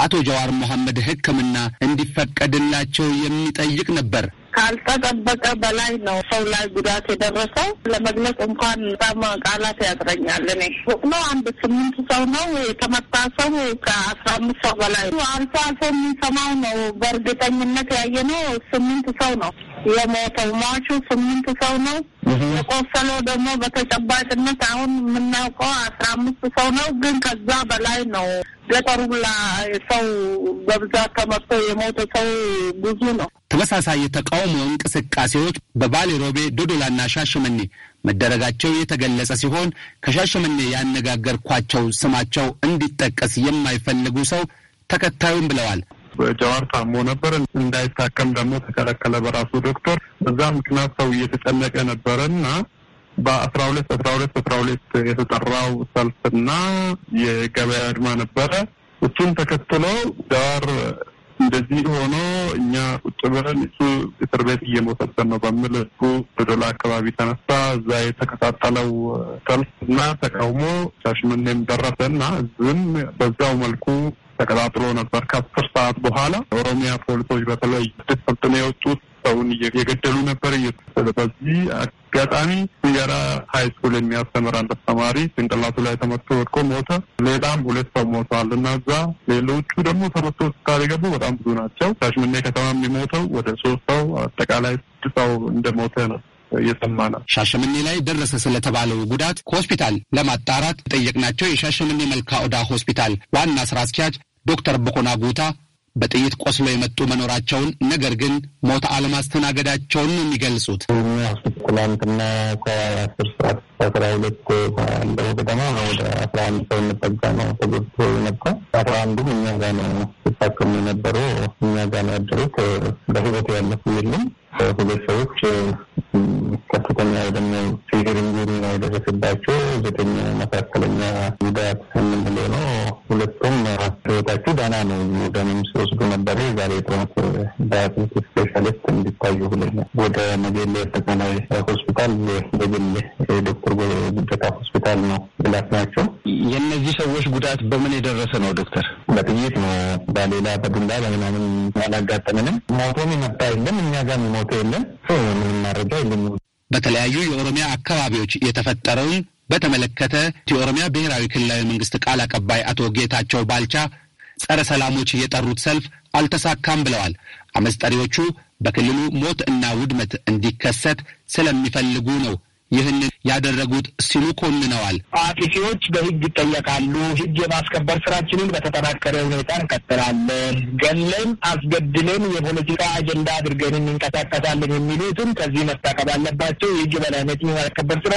አቶ ጀዋር መሐመድ ሕክምና እንዲፈቀድላቸው የሚጠይቅ ነበር። ካልተጠበቀ በላይ ነው ሰው ላይ ጉዳት የደረሰው። ለመግለጽ እንኳን በጣም ቃላት ያጥረኛል። እኔ ነው አንድ ስምንት ሰው ነው የተመታ ሰው ከአስራ አምስት ሰው በላይ አልፎ አልፎ የምንሰማው ነው። በእርግጠኝነት ያየ ነው ስምንት ሰው ነው። የሞተው ሟቹ ስምንት ሰው ነው። የቆሰለው ደግሞ በተጨባጭነት አሁን የምናውቀው አስራ አምስት ሰው ነው፣ ግን ከዛ በላይ ነው። ገጠሩ ብላ ሰው በብዛት ተመርቶ የሞተ ሰው ብዙ ነው። ተመሳሳይ የተቃውሞ እንቅስቃሴዎች በባሌ ሮቤ፣ ዶዶላና ሻሸመኔ መደረጋቸው የተገለጸ ሲሆን ከሻሸመኔ ያነጋገርኳቸው ስማቸው እንዲጠቀስ የማይፈልጉ ሰው ተከታዩም ብለዋል። ጀዋር ታሞ ነበር። እንዳይታከም ደግሞ ተከለከለ በራሱ ዶክተር። በዛ ምክንያት ሰው እየተጨነቀ ነበረ እና በአስራ ሁለት አስራ ሁለት አስራ ሁለት የተጠራው ሰልፍና የገበያ አድማ ነበረ። እሱን ተከትሎ ጀዋር እንደዚህ ሆኖ እኛ ቁጭ ብለን እሱ እስር ቤት እየሞሰብሰን ነው በሚል እሱ በዶላ አካባቢ ተነሳ። እዛ የተቀጣጠለው ሰልፍ እና ተቃውሞ ሻሽመኔም ደረሰ እና እዝም በዛው መልኩ ተቀጣጥሎ ነበር። ከአስር ሰዓት በኋላ ኦሮሚያ ፖሊሶች በተለይ ስድስት ሰልጥነው የወጡት ሰውን እየገደሉ ነበር። በዚህ አጋጣሚ ሲንገራ ሀይ ስኩል የሚያስተምር አንድ አስተማሪ ጭንቅላቱ ላይ ተመቶ ወድቆ ሞተ። ሌላም ሁለት ሰው ሞተዋል እና እዛ ሌሎቹ ደግሞ ተመቶ ሆስፒታል የገቡ በጣም ብዙ ናቸው። ሻሽመኔ ከተማ የሚሞተው ወደ ሶስት ሰው አጠቃላይ ስድስት ሰው እንደሞተ ነው እየሰማ ነው። ሻሸምኔ ላይ ደረሰ ስለተባለው ጉዳት ከሆስፒታል ለማጣራት ጠየቅናቸው። የሻሸምኔ መልካ ኦዳ ሆስፒታል ዋና ስራ አስኪያጅ ዶክተር ቦኮና ጉታ በጥይት ቆስሎ የመጡ መኖራቸውን ነገር ግን ሞት አለማስተናገዳቸውን ነው የሚገልጹት። ትላንትና ከአስር ሰዓት አስራ ሁለት አንደው ከተማ ወደ አስራ አንድ ሰው እንጠጋ ነው ተጎድቶ የመጣ አስራ አንዱ እኛ ጋ ነው ሲታከሙ የነበሩ እኛ ጋ ነው ያደሩት። በህይወት ያለፉ የለም። ሁለት ሰዎች ከፍተኛ ደግሞ ፊገር ኢንጁሪ ነው የደረሰባቸው። ዘጠኛ መካከለኛ ጉዳት ስምንት ላይ ነው። ሁለቱም ህይወታቸው ደህና ነው። ደንም ሲወስዱ ነበረ። ዛሬ ጥረት ዳያቤት ስፔሻሊስት እንዲታዩ ሁለኛ ወደ መጌሌ አጠቃላይ ሆስፒታል በግል ዶክተር ጉደታ ሆስፒታል ነው ብላት ናቸው። የእነዚህ ሰዎች ጉዳት በምን የደረሰ ነው ዶክተር? በጥይት ነው። በሌላ በዱላ በምናምን አላጋጠምንም። ሞቶም የመጣ የለም። እኛ ጋር ሞቶ የለም። ምንም ማረጃ የለም። በተለያዩ የኦሮሚያ አካባቢዎች የተፈጠረውን በተመለከተ የኦሮሚያ ብሔራዊ ክልላዊ መንግስት ቃል አቀባይ አቶ ጌታቸው ባልቻ ጸረ ሰላሞች የጠሩት ሰልፍ አልተሳካም ብለዋል። አመስጠሪዎቹ በክልሉ ሞት እና ውድመት እንዲከሰት ስለሚፈልጉ ነው ይህንን ያደረጉት ሲሉ ኮንነዋል። አጥፊዎች በህግ ይጠየቃሉ። ህግ የማስከበር ስራችንን በተጠናከረ ሁኔታ እንቀጥላለን። ገለን አስገድለን የፖለቲካ አጀንዳ አድርገን እንንቀሳቀሳለን የሚሉትም ከዚህ መታቀብ አለባቸው። የህግ በላይነት የማስከበር ስራ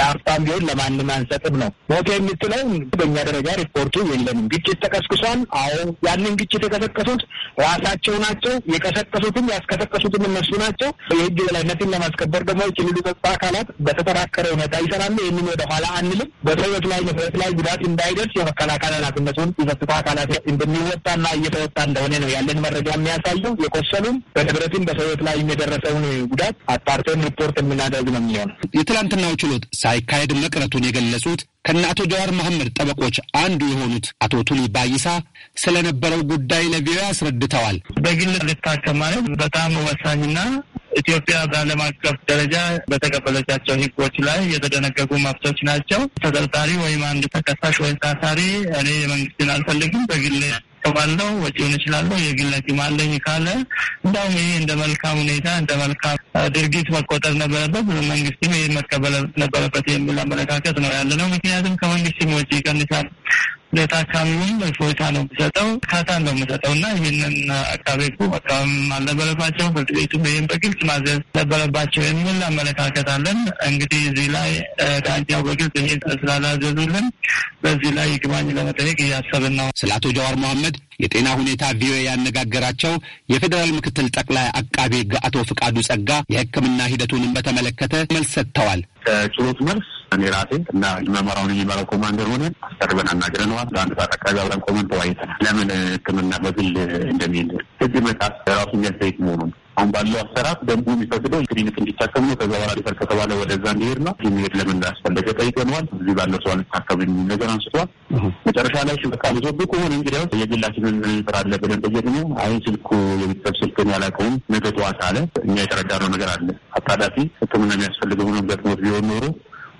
ለአፍታም ቢሆን ለማንም አንሰጥም ነው። ሞቴ የምትለው በእኛ ደረጃ ሪፖርቱ የለንም። ግጭት ተቀስቅሷል። አዎ ያንን ግጭት የቀሰቀሱት ራሳቸው ናቸው። የቀሰቀሱትም ያስቀሰቀሱትም እነሱ ናቸው። የህግ በላይነትን ለማስከበር ደግሞ የክልሉ ጸጥታ አካላት በተጠናከረ ሁኔታ ይሰራሉ። ይህንን ወደ ኋላ አንልም። በሰዎች ላይ ንብረት ላይ ጉዳት እንዳይደርስ የመከላከል ኃላፊነቱን የጸጥታ አካላት እንደሚወጣና እየተወጣ እንደሆነ ነው ያለን መረጃ የሚያሳየው። የቆሰሉም በንብረትም በሰዎች ላይ የደረሰውን ጉዳት አጣርተን ሪፖርት የምናደርግ ነው የሚሆነው። የትላንትናው ችሎት ሳይካሄድ መቅረቱን የገለጹት ከነ አቶ ጀዋር መሐመድ ጠበቆች አንዱ የሆኑት አቶ ቱሊ ባይሳ ስለነበረው ጉዳይ ለቪኦኤ አስረድተዋል። በግል ልታከም ማለት በጣም ወሳኝና ኢትዮጵያ በዓለም አቀፍ ደረጃ በተቀበለቻቸው ሕጎች ላይ የተደነገጉ መብቶች ናቸው። ተጠርጣሪ ወይም አንድ ተከሳሽ ወይም ታሳሪ እኔ የመንግስትን አልፈልግም በግል ባለው ወጪውን እችላለሁ የግል ሐኪም አለኝ ካለ እንዲሁም ይህ እንደ መልካም ሁኔታ እንደ መልካም ድርጊት መቆጠር ነበረበት፣ መንግስትም ይሄ መቀበል ነበረበት የሚል አመለካከት ነው ያለ ነው። ምክንያቱም ከመንግስትም ወጪ ይቀንሳል ለታካሚውም እፎይታ ነው የምሰጠው፣ እርካታ ነው የምሰጠው እና ይህንን አቃቤ ሕጉ መቃወም አልነበረባቸው፣ ፍርድ ቤቱ ይህም በግልጽ ማዘዝ ነበረባቸው የሚል አመለካከት አለን። እንግዲህ እዚህ ላይ ዳኛው በግልጽ ይሄ ስላላዘዙልን በዚህ ላይ ይግባኝ ለመጠየቅ እያሰብን ነው። ስለ አቶ ጀዋር መሐመድ የጤና ሁኔታ ቪኦኤ ያነጋገራቸው የፌዴራል ምክትል ጠቅላይ አቃቢ ሕግ አቶ ፍቃዱ ጸጋ የሕክምና ሂደቱንም በተመለከተ መልስ ሰጥተዋል። ከችሎት መልስ እኔ ራሴ እና መመራውን የሚመራው ኮማንደር ሆነ አስቀርበን አናግረነዋል። ለአንድ ሰዓት አካባቢ አብረን ኮመን ተወያይተናል። ለምን ሕክምና በግል እንደሚል ህግ መጣስ ራሱ የሚያስተያየት መሆኑን አሁን ባለው አሰራር ደንቡ የሚፈቅደው ክሊኒክ እንዲታከም ነው። ከዛ በኋላ ሪፈር ከተባለ ወደዛ እንዲሄድ ነው። የሚሄድ ለምን እንዳስፈለገ ጠይቀነዋል። እዚህ ባለው ሰው አልታከም የሚል ነገር አንስቷል። መጨረሻ ላይ ሽበቃ ልዞብ ከሆነ እንግዲያው የግላችንን ስራ አለ ብለን ጠየቅነው። አይ ስልኩ የቤተሰብ ስልክን ያላቀውም ነገ ጠዋት አለ። እኛ የተረዳነው ነገር አለ አጣዳፊ ሕክምና የሚያስፈልገው ሆኖ ገጥሞት ቢሆን ኖሮ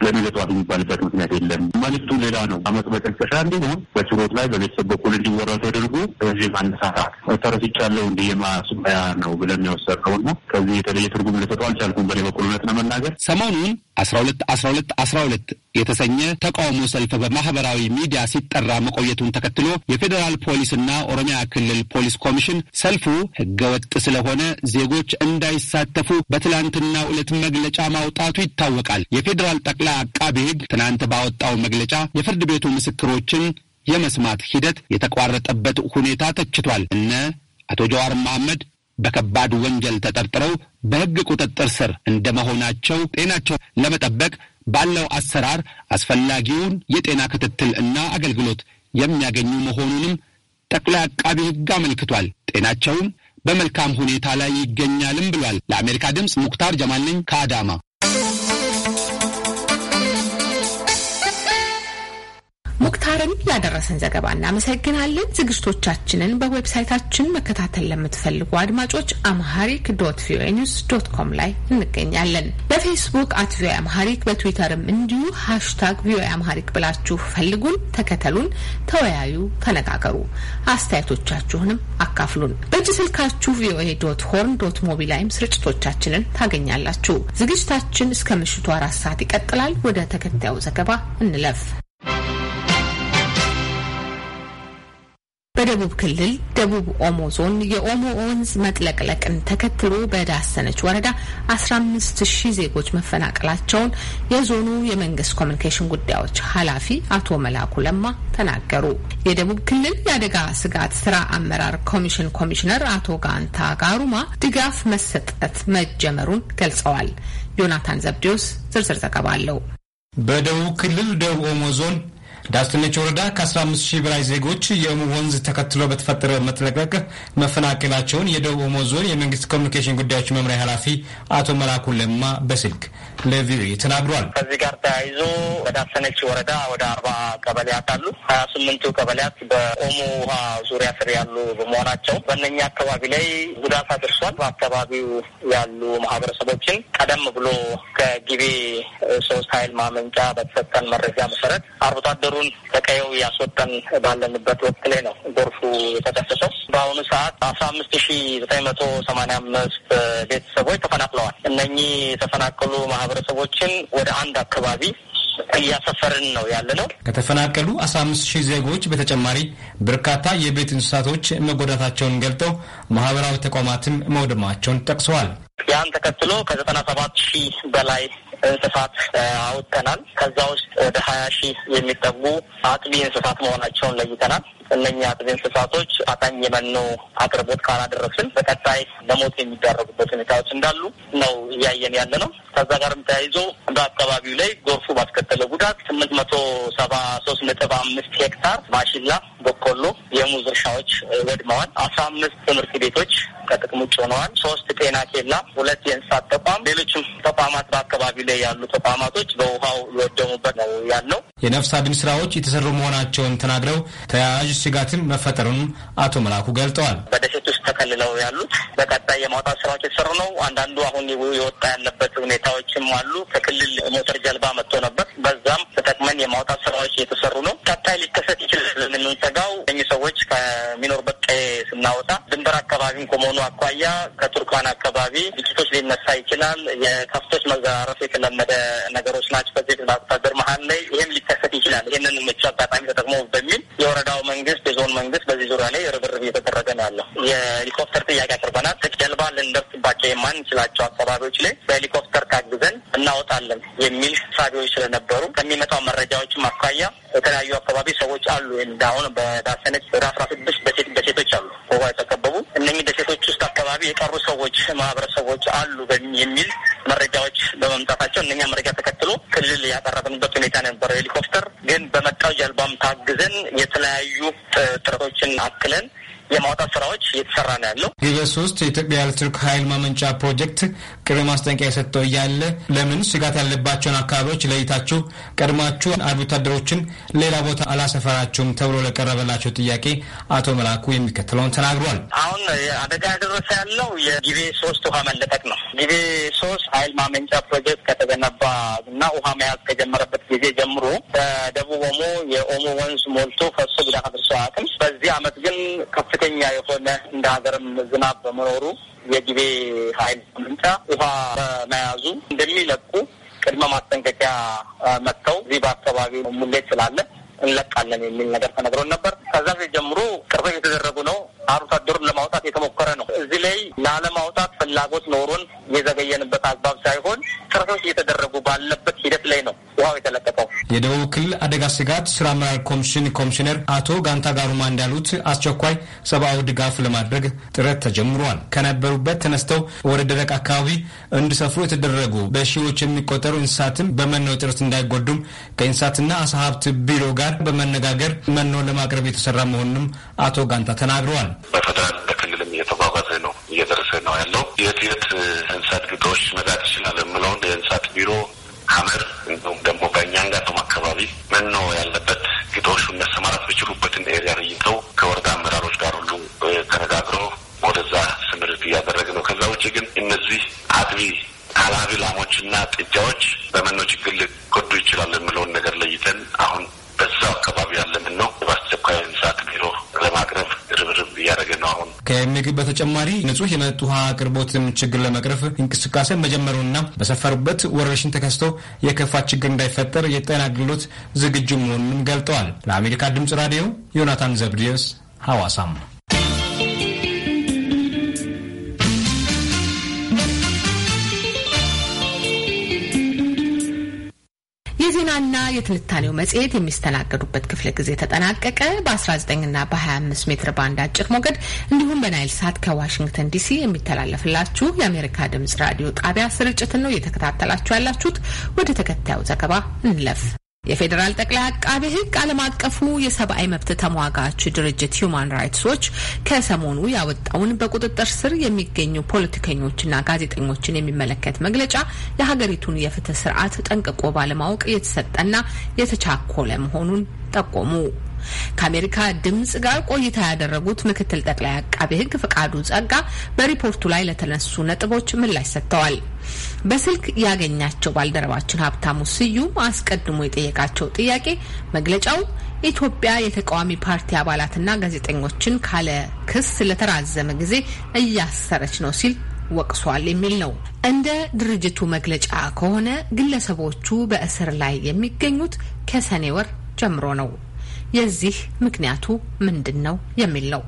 ለነገ ጠዋት የሚባልበት ምክንያት የለም። መልዕክቱ ሌላ ነው። አመት መቀስቀሻ እንዲሆን በችሮት ላይ በቤተሰብ በኩል እንዲወራ ተደርጎ ህዝብ ማነሳሳት ተረስቻለሁ እንዲ የማስያ ነው ብለን የወሰድነው እና ከዚህ የተለየ ትርጉም ልሰጠው አልቻልኩም። በኔ በኩል እውነት ለመናገር ሰሞኑን አስራ ሁለት አስራ ሁለት አስራ ሁለት የተሰኘ ተቃውሞ ሰልፍ በማህበራዊ ሚዲያ ሲጠራ መቆየቱን ተከትሎ የፌዴራል ፖሊስና ኦሮሚያ ክልል ፖሊስ ኮሚሽን ሰልፉ ህገወጥ ስለሆነ ዜጎች እንዳይሳተፉ በትላንትና ዕለት መግለጫ ማውጣቱ ይታወቃል። የፌዴራል ጠቅላይ ጠቅላይ አቃቤ ሕግ ትናንት ባወጣው መግለጫ የፍርድ ቤቱ ምስክሮችን የመስማት ሂደት የተቋረጠበት ሁኔታ ተችቷል። እነ አቶ ጀዋር መሐመድ በከባድ ወንጀል ተጠርጥረው በሕግ ቁጥጥር ስር እንደ መሆናቸው ጤናቸው ለመጠበቅ ባለው አሰራር አስፈላጊውን የጤና ክትትል እና አገልግሎት የሚያገኙ መሆኑንም ጠቅላይ አቃቢ ሕግ አመልክቷል። ጤናቸውም በመልካም ሁኔታ ላይ ይገኛልም ብሏል። ለአሜሪካ ድምፅ ሙክታር ጀማል ነኝ ከአዳማ። ሙክታርን ያደረሰን ዘገባ እናመሰግናለን። ዝግጅቶቻችንን በዌብሳይታችን መከታተል ለምትፈልጉ አድማጮች አምሃሪክ ዶት ቪኦኤ ኒውስ ዶት ኮም ላይ እንገኛለን። በፌስቡክ አት ቪኦኤ አምሃሪክ፣ በትዊተርም እንዲሁ ሃሽታግ ቪኦኤ አምሃሪክ ብላችሁ ፈልጉን፣ ተከተሉን፣ ተወያዩ፣ ተነጋገሩ። አስተያየቶቻችሁንም አካፍሉን። በእጅ ስልካችሁ ቪኦኤ ዶት ሆርን ዶት ሞቢ ላይም ስርጭቶቻችንን ታገኛላችሁ። ዝግጅታችን እስከ ምሽቱ አራት ሰዓት ይቀጥላል። ወደ ተከታዩ ዘገባ እንለፍ። በደቡብ ክልል ደቡብ ኦሞ ዞን የኦሞ ወንዝ መጥለቅለቅን ተከትሎ በዳሰነች ወረዳ 15 ሺህ ዜጎች መፈናቀላቸውን የዞኑ የመንግስት ኮሚኒኬሽን ጉዳዮች ኃላፊ አቶ መላኩ ለማ ተናገሩ። የደቡብ ክልል የአደጋ ስጋት ስራ አመራር ኮሚሽን ኮሚሽነር አቶ ጋንታ ጋሩማ ድጋፍ መሰጠት መጀመሩን ገልጸዋል። ዮናታን ዘብዴዎስ ዝርዝር ዘገባ አለው። በደቡብ ክልል ደቡብ ኦሞ ዞን ዳስትነች ወረዳ ከ15 ሺህ በላይ ዜጎች የኦሞ ወንዝ ተከትሎ በተፈጠረ መጥለቅለቅ መፈናቀላቸውን የደቡብ ኦሞ ዞን የመንግስት ኮሚኒኬሽን ጉዳዮች መምሪያ ኃላፊ አቶ መላኩ ለማ በስልክ ለቪኦኤ ተናግሯል። ከዚህ ጋር ተያይዞ በዳሰነች ወረዳ ወደ አርባ ቀበሌያት አሉ። ሀያ ስምንቱ ቀበሌያት በኦሞ ውሃ ዙሪያ ስር ያሉ በመሆናቸው በእነኛ አካባቢ ላይ ጉዳት አድርሷል። በአካባቢው ያሉ ማህበረሰቦችን ቀደም ብሎ ከጊቤ ሶስት ኃይል ማመንጫ በተሰጠን መረጃ መሰረት አርብቶ አደሩ ህዝቡን ተቀየው እያስወጠን ባለንበት ወቅት ላይ ነው ጎርፉ የተከሰሰው። በአሁኑ ሰዓት አስራ አምስት ሺ ዘጠኝ መቶ ሰማንያ አምስት ቤተሰቦች ተፈናቅለዋል። እነኚህ የተፈናቀሉ ማህበረሰቦችን ወደ አንድ አካባቢ እያሰፈርን ነው ያለ ነው። ከተፈናቀሉ አምስት ሺህ ዜጎች በተጨማሪ በርካታ የቤት እንስሳቶች መጎዳታቸውን ገልጠው ማህበራዊ ተቋማትም መውደማቸውን ጠቅሰዋል። ያን ተከትሎ ከዘጠና ሰባት ሺህ በላይ እንስሳት አውጥተናል። ከዛ ውስጥ ወደ ሀያ ሺህ የሚጠጉ አጥቢ እንስሳት መሆናቸውን ለይተናል። እነኛ አጥቢ እንስሳቶች አጣኝ የመኖ አቅርቦት ካላደረስን በቀጣይ ለሞት የሚዳረጉበት ሁኔታዎች እንዳሉ ነው እያየን ያለ ነው። ከዛ ጋርም ተያይዞ በአካባቢው ላይ ጎርፉ ባስከተለው ጉዳት ስምንት መቶ ሰባ ሶስት ነጥብ አምስት ሄክታር ማሽላ፣ በቆሎ፣ የሙዝ እርሻዎች ወድመዋል። አስራ አምስት ትምህርት ቤቶች ከጥቅም ውጭ ሆነዋል። ሶስት ጤና ኬላ፣ ሁለት የእንስሳት ተቋም፣ ሌሎችም ተቋማት በአካባቢው ላይ ያሉ ተቋማቶች በውሃው የወደሙበት ነው ያለው። የነፍስ አድን ስራዎች የተሰሩ መሆናቸውን ተናግረው ተያያዥ ስጋትን መፈጠሩን አቶ መላኩ ገልጠዋል። በደሴት ውስጥ ተከልለው ያሉት በቀጣይ የማውጣት ስራዎች የተሰሩ ነው። አንዳንዱ አሁን የወጣ ያለበት ሁኔታዎችም አሉ። ከክልል ሞተር ጀልባ መጥቶ ነበር። በዛም ተጠቅመን የማውጣት ስራዎች እየተሰሩ ነው። ቀጣይ ሊከሰት ይችላል የምንሰጋው እኚህ ሰዎች ከሚኖርበት ቀዬ ስናወጣ ድንበር አካባቢም ከመሆኑ አኳያ ከቱርካን አካባቢ ግጭቶች ሊነሳ ይችላል። የከፍቶች መዘራረፍ የተለመደ ነገሮች ናቸው። ከዚህ ባታደር መሀል ላይ ይህም ሊከሰት ይችላል። ይህንን ምቹ አጋጣሚ ተጠቅሞ በሚል የወረዳው መንግስት መንግስት፣ የዞን መንግስት በዚህ ዙሪያ ላይ ርብርብ እየተደረገ ነው ያለው። የሄሊኮፕተር ጥያቄ አቅርበናል። ጀልባ ልንደርስባቸው የማንችላቸው አካባቢዎች ላይ በሄሊኮፕተር ታግዘን እናወጣለን የሚል ሳቢዎች ስለነበሩ ከሚመጣው መረጃዎችም አኳያ የተለያዩ አካባቢ ሰዎች አሉ። አሁን በዳሰነች ወደ አስራ ስድስት በሴቶች አሉ አካባቢ የቀሩ ሰዎች ማህበረሰቦች አሉ የሚል መረጃዎች በመምጣታቸው እነኛ መረጃ ተከትሎ ክልል ያቀረብንበት ሁኔታ ነበረው። ሄሊኮፕተር ግን በመጣው ጀልባም ታግዘን የተለያዩ ጥረቶችን አክለን የማውጣት ስራዎች እየተሰራ ነው ያለው። ግቤ ሶስት የኢትዮጵያ ኤሌክትሪክ ኃይል ማመንጫ ፕሮጀክት ቅድመ ማስጠንቀቂያ የሰጠው እያለ ለምን ስጋት ያለባቸውን አካባቢዎች ለይታችሁ ቀድማችሁ አርቢ ወታደሮችን ሌላ ቦታ አላሰፈራችሁም ተብሎ ለቀረበላቸው ጥያቄ አቶ መላኩ የሚከተለውን ተናግሯል። አሁን አደጋ ያደረሰ ያለው የጊቤ ሶስት ውሃ መለጠቅ ነው። ጊቤ ሶስት ኃይል ማመንጫ ፕሮጀክት ከተገነባ እና ውሃ መያዝ ከጀመረበት ጊዜ ጀምሮ በደቡብ ኦሞ የኦሞ ወንዝ ሞልቶ ፈሶ ጉዳት አድርሶ አያውቅም። በዚህ አመት ግን ከፍ ከፍተኛ የሆነ እንደ ሀገርም ዝናብ በመኖሩ የጊቤ ኃይል ምንጫ ውሃ በመያዙ እንደሚለቁ ቅድመ ማስጠንቀቂያ መጥተው እዚህ በአካባቢ ሙሌት ስላለ እንለቃለን የሚል ነገር ተነግሮን ነበር። ከዛ ጀምሮ ቅርበት የተደረጉ ነው አርሶ አደሩን ለማውጣት የተሞከረ ነው። እዚህ ላይ ላለማውጣት ፍላጎት ኖሮን የዘገየንበት አግባብ ሳይሆን ጥረቶች እየተደረጉ ባለበት ሂደት ላይ ነው ውሃው የተለቀቀው። የደቡብ ክልል አደጋ ስጋት ስራ አመራር ኮሚሽን ኮሚሽነር አቶ ጋንታ ጋሩማ እንዳሉት አስቸኳይ ሰብአዊ ድጋፍ ለማድረግ ጥረት ተጀምሯል። ከነበሩበት ተነስተው ወደ ደረቅ አካባቢ እንዲሰፍሩ የተደረጉ በሺዎች የሚቆጠሩ እንስሳትም በመኖ እጥረት እንዳይጎዱም ከእንስሳትና አሳ ሀብት ቢሮ ጋር በመነጋገር መኖ ለማቅረብ የተሰራ መሆኑንም አቶ ጋንታ ተናግረዋል። በፌደራል በክልልም እየተጓጓዘ ነው እየደረሰ ነው ያለው። የት የት የእንስሳት ግጦሽ መዳት ይችላል የምለውን የእንስሳት ቢሮ ሀመር እንዲሁም ደግሞ በእኛን ጋር በተጨማሪ ንጹህ የመጠጥ ውሃ አቅርቦትን ችግር ለመቅረፍ እንቅስቃሴ መጀመሩንና በሰፈሩበት ወረርሽኝ ተከስቶ የከፋ ችግር እንዳይፈጠር የጤና አገልግሎት ዝግጁ መሆኑንም ገልጠዋል። ለአሜሪካ ድምጽ ራዲዮ ዮናታን ዘብዲዮስ ሐዋሳም የዜናና የትንታኔው መጽሔት የሚስተናገዱበት ክፍለ ጊዜ ተጠናቀቀ። በ19ና በ25 ሜትር ባንድ አጭር ሞገድ እንዲሁም በናይል ሳት ከዋሽንግተን ዲሲ የሚተላለፍላችሁ የአሜሪካ ድምጽ ራዲዮ ጣቢያ ስርጭትን ነው እየተከታተላችሁ ያላችሁት። ወደ ተከታዩ ዘገባ እንለፍ። የፌዴራል ጠቅላይ አቃቤ ሕግ ዓለም አቀፉ የሰብአዊ መብት ተሟጋች ድርጅት ሂዩማን ራይትስ ዎች ከሰሞኑ ያወጣውን በቁጥጥር ስር የሚገኙ ፖለቲከኞችና ጋዜጠኞችን የሚመለከት መግለጫ የሀገሪቱን የፍትህ ስርዓት ጠንቅቆ ባለማወቅ የተሰጠና የተቻኮለ መሆኑን ጠቆሙ። ከአሜሪካ ድምጽ ጋር ቆይታ ያደረጉት ምክትል ጠቅላይ አቃቤ ሕግ ፍቃዱ ጸጋ በሪፖርቱ ላይ ለተነሱ ነጥቦች ምላሽ ሰጥተዋል። በስልክ ያገኛቸው ባልደረባችን ሀብታሙ ስዩም አስቀድሞ የጠየቃቸው ጥያቄ መግለጫው ኢትዮጵያ የተቃዋሚ ፓርቲ አባላትና ጋዜጠኞችን ካለ ክስ ለተራዘመ ጊዜ እያሰረች ነው ሲል ወቅሷል የሚል ነው። እንደ ድርጅቱ መግለጫ ከሆነ ግለሰቦቹ በእስር ላይ የሚገኙት ከሰኔ ወር ጀምሮ ነው። የዚህ ምክንያቱ ምንድን ነው የሚል ነው።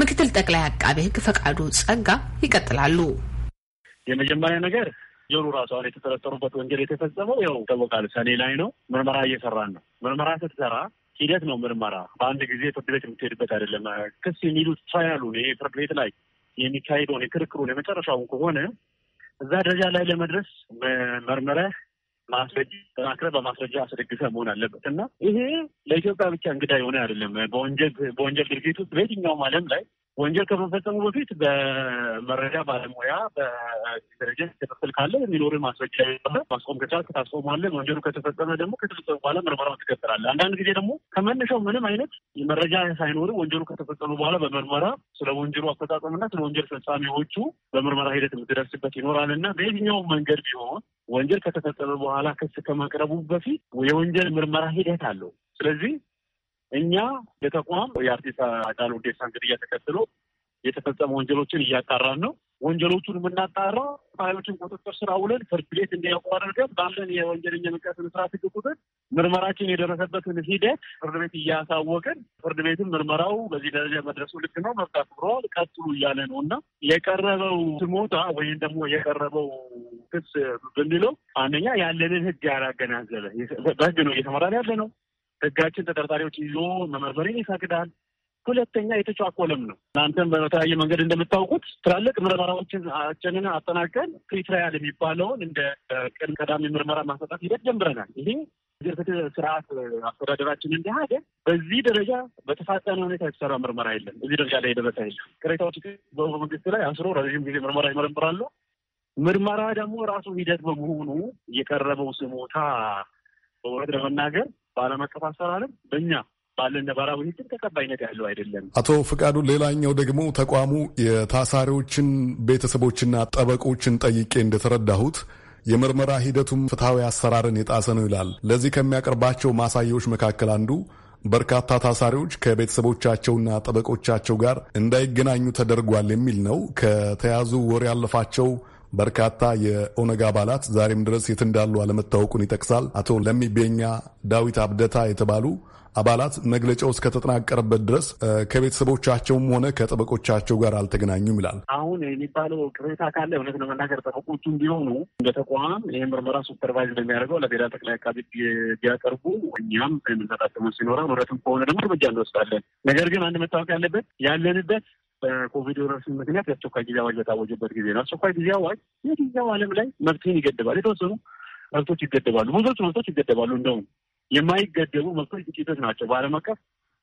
ምክትል ጠቅላይ አቃቤ ሕግ ፈቃዱ ጸጋ ይቀጥላሉ። የመጀመሪያ ነገር ጆኑ ራሷን የተጠረጠሩበት ወንጀል የተፈጸመው ያው ይታወቃል፣ ሰኔ ላይ ነው። ምርመራ እየሰራን ነው። ምርመራ ስትሰራ ሂደት ነው። ምርመራ በአንድ ጊዜ ፍርድ ቤት የምትሄድበት አይደለም። ክስ የሚሉት ትራያሉ ይሄ ፍርድ ቤት ላይ የሚካሄደውን የክርክሩን የመጨረሻውን ከሆነ እዛ ደረጃ ላይ ለመድረስ መርመረህ ማስረጃ ተናክረህ በማስረጃ አስደግፈ መሆን አለበት እና ይሄ ለኢትዮጵያ ብቻ እንግዳ የሆነ አይደለም። በወንጀል ድርጊት ውስጥ በየትኛውም ዓለም ላይ ወንጀል ከመፈጸሙ በፊት በመረጃ ባለሙያ በኢንቴሊጀንስ ክትትል ካለ የሚኖር ማስረጃ ማስቆም ከቻልክ ታስቆማለህ። ወንጀሉ ከተፈጸመ ደግሞ ከተፈጸመ በኋላ ምርመራው ትቀጥላለህ። አንዳንድ ጊዜ ደግሞ ከመነሻው ምንም አይነት መረጃ ሳይኖር ወንጀሉ ከተፈጸመ በኋላ በምርመራ ስለ ወንጀሉ አፈጻጸምና ስለ ወንጀል ፈጻሚዎቹ በምርመራ ሂደት የምትደርስበት ይኖራል እና በየትኛውም መንገድ ቢሆን ወንጀል ከተፈጸመ በኋላ ክስ ከማቅረቡ በፊት የወንጀል ምርመራ ሂደት አለው። ስለዚህ እኛ የተቋም የአርቲስት ሃጫሉ ሁንዴሳን ግድያ ተከትሎ የተፈጸመ ወንጀሎችን እያጣራን ነው። ወንጀሎቹን የምናጣራ ኃይሎችን ቁጥጥር ስራ ውለን ፍርድ ቤት እንዲያውቁ አድርገን ባለን የወንጀለኛ መቅጫ ስነ ስርዓት ሕግ ቁጥር ምርመራችን የደረሰበትን ሂደት ፍርድ ቤት እያሳወቅን ፍርድ ቤትም ምርመራው በዚህ ደረጃ መድረሱ ልክ ነው፣ መብት አክብረዋል፣ ቀጥሉ እያለ ነው እና የቀረበው ስሞታ ወይም ደግሞ የቀረበው ክስ ብንለው አንደኛ ያለንን ህግ ያላገናዘበ በህግ ነው እየተመራን ያለ ነው። ህጋችን ተጠርጣሪዎች ይዞ መመርመርን ይፈቅዳል። ሁለተኛ የተጫኮለም ነው። እናንተም በተለያየ መንገድ እንደምታውቁት ትላልቅ ምርመራዎችንችንን አጠናቀን ፕሪትራያል የሚባለውን እንደ ቅን ቀዳሚ ምርመራ ማሰጣት ሂደት ጀምረናል። ይሄ ፍትህ ስርዓት አስተዳደራችን እንዲያደግ በዚህ ደረጃ በተፋጠነ ሁኔታ የተሰራ ምርመራ የለም። እዚህ ደረጃ ላይ የደረሰ የለም። ቅሬታዎች በመንግስት ላይ አስሮ ረዥም ጊዜ ምርመራ ይመረምራሉ። ምርመራ ደግሞ ራሱ ሂደት በመሆኑ የቀረበው ስሞታ በእውነት ለመናገር በዓለም አቀፍ አሰራርም በእኛ ባለን ነባራዊ ሕግም ተቀባይነት ያለው አይደለም። አቶ ፍቃዱ፣ ሌላኛው ደግሞ ተቋሙ የታሳሪዎችን ቤተሰቦችና ጠበቆችን ጠይቄ እንደተረዳሁት የምርመራ ሂደቱም ፍትሐዊ አሰራርን የጣሰ ነው ይላል። ለዚህ ከሚያቀርባቸው ማሳያዎች መካከል አንዱ በርካታ ታሳሪዎች ከቤተሰቦቻቸውና ጠበቆቻቸው ጋር እንዳይገናኙ ተደርጓል የሚል ነው። ከተያዙ ወር ያለፋቸው በርካታ የኦነግ አባላት ዛሬም ድረስ የት እንዳሉ አለመታወቁን ይጠቅሳል። አቶ ለሚቤኛ ዳዊት አብደታ የተባሉ አባላት መግለጫው እስከተጠናቀረበት ድረስ ከቤተሰቦቻቸውም ሆነ ከጠበቆቻቸው ጋር አልተገናኙም ይላል። አሁን የሚባለው ቅሬታ ካለ እውነት ለመናገር ጠበቆቹ እንዲሆኑ እንደ ተቋም ይህ ምርመራ ሱፐርቫይዝ እንደሚያደርገው ለፌዴራል ጠቅላይ አቃቢ ቢያቀርቡ እኛም የምንሰጣቸው ሲኖረው ንብረትም ከሆነ ደግሞ እርምጃ እንወስዳለን። ነገር ግን አንድ መታወቅ ያለበት ያለንበት በኮቪድ ወረርሽኝ ምክንያት የአስቸኳይ ጊዜ አዋጅ በታወጀበት ጊዜ ነው። አስቸኳይ ጊዜ አዋጅ የጊዜው ዓለም ላይ መብትህን ይገድባል። የተወሰኑ መብቶች ይገደባሉ፣ ብዙዎች መብቶች ይገደባሉ። እንደውም የማይገደቡ መብቶች ጥቂቶች ናቸው በዓለም አቀፍ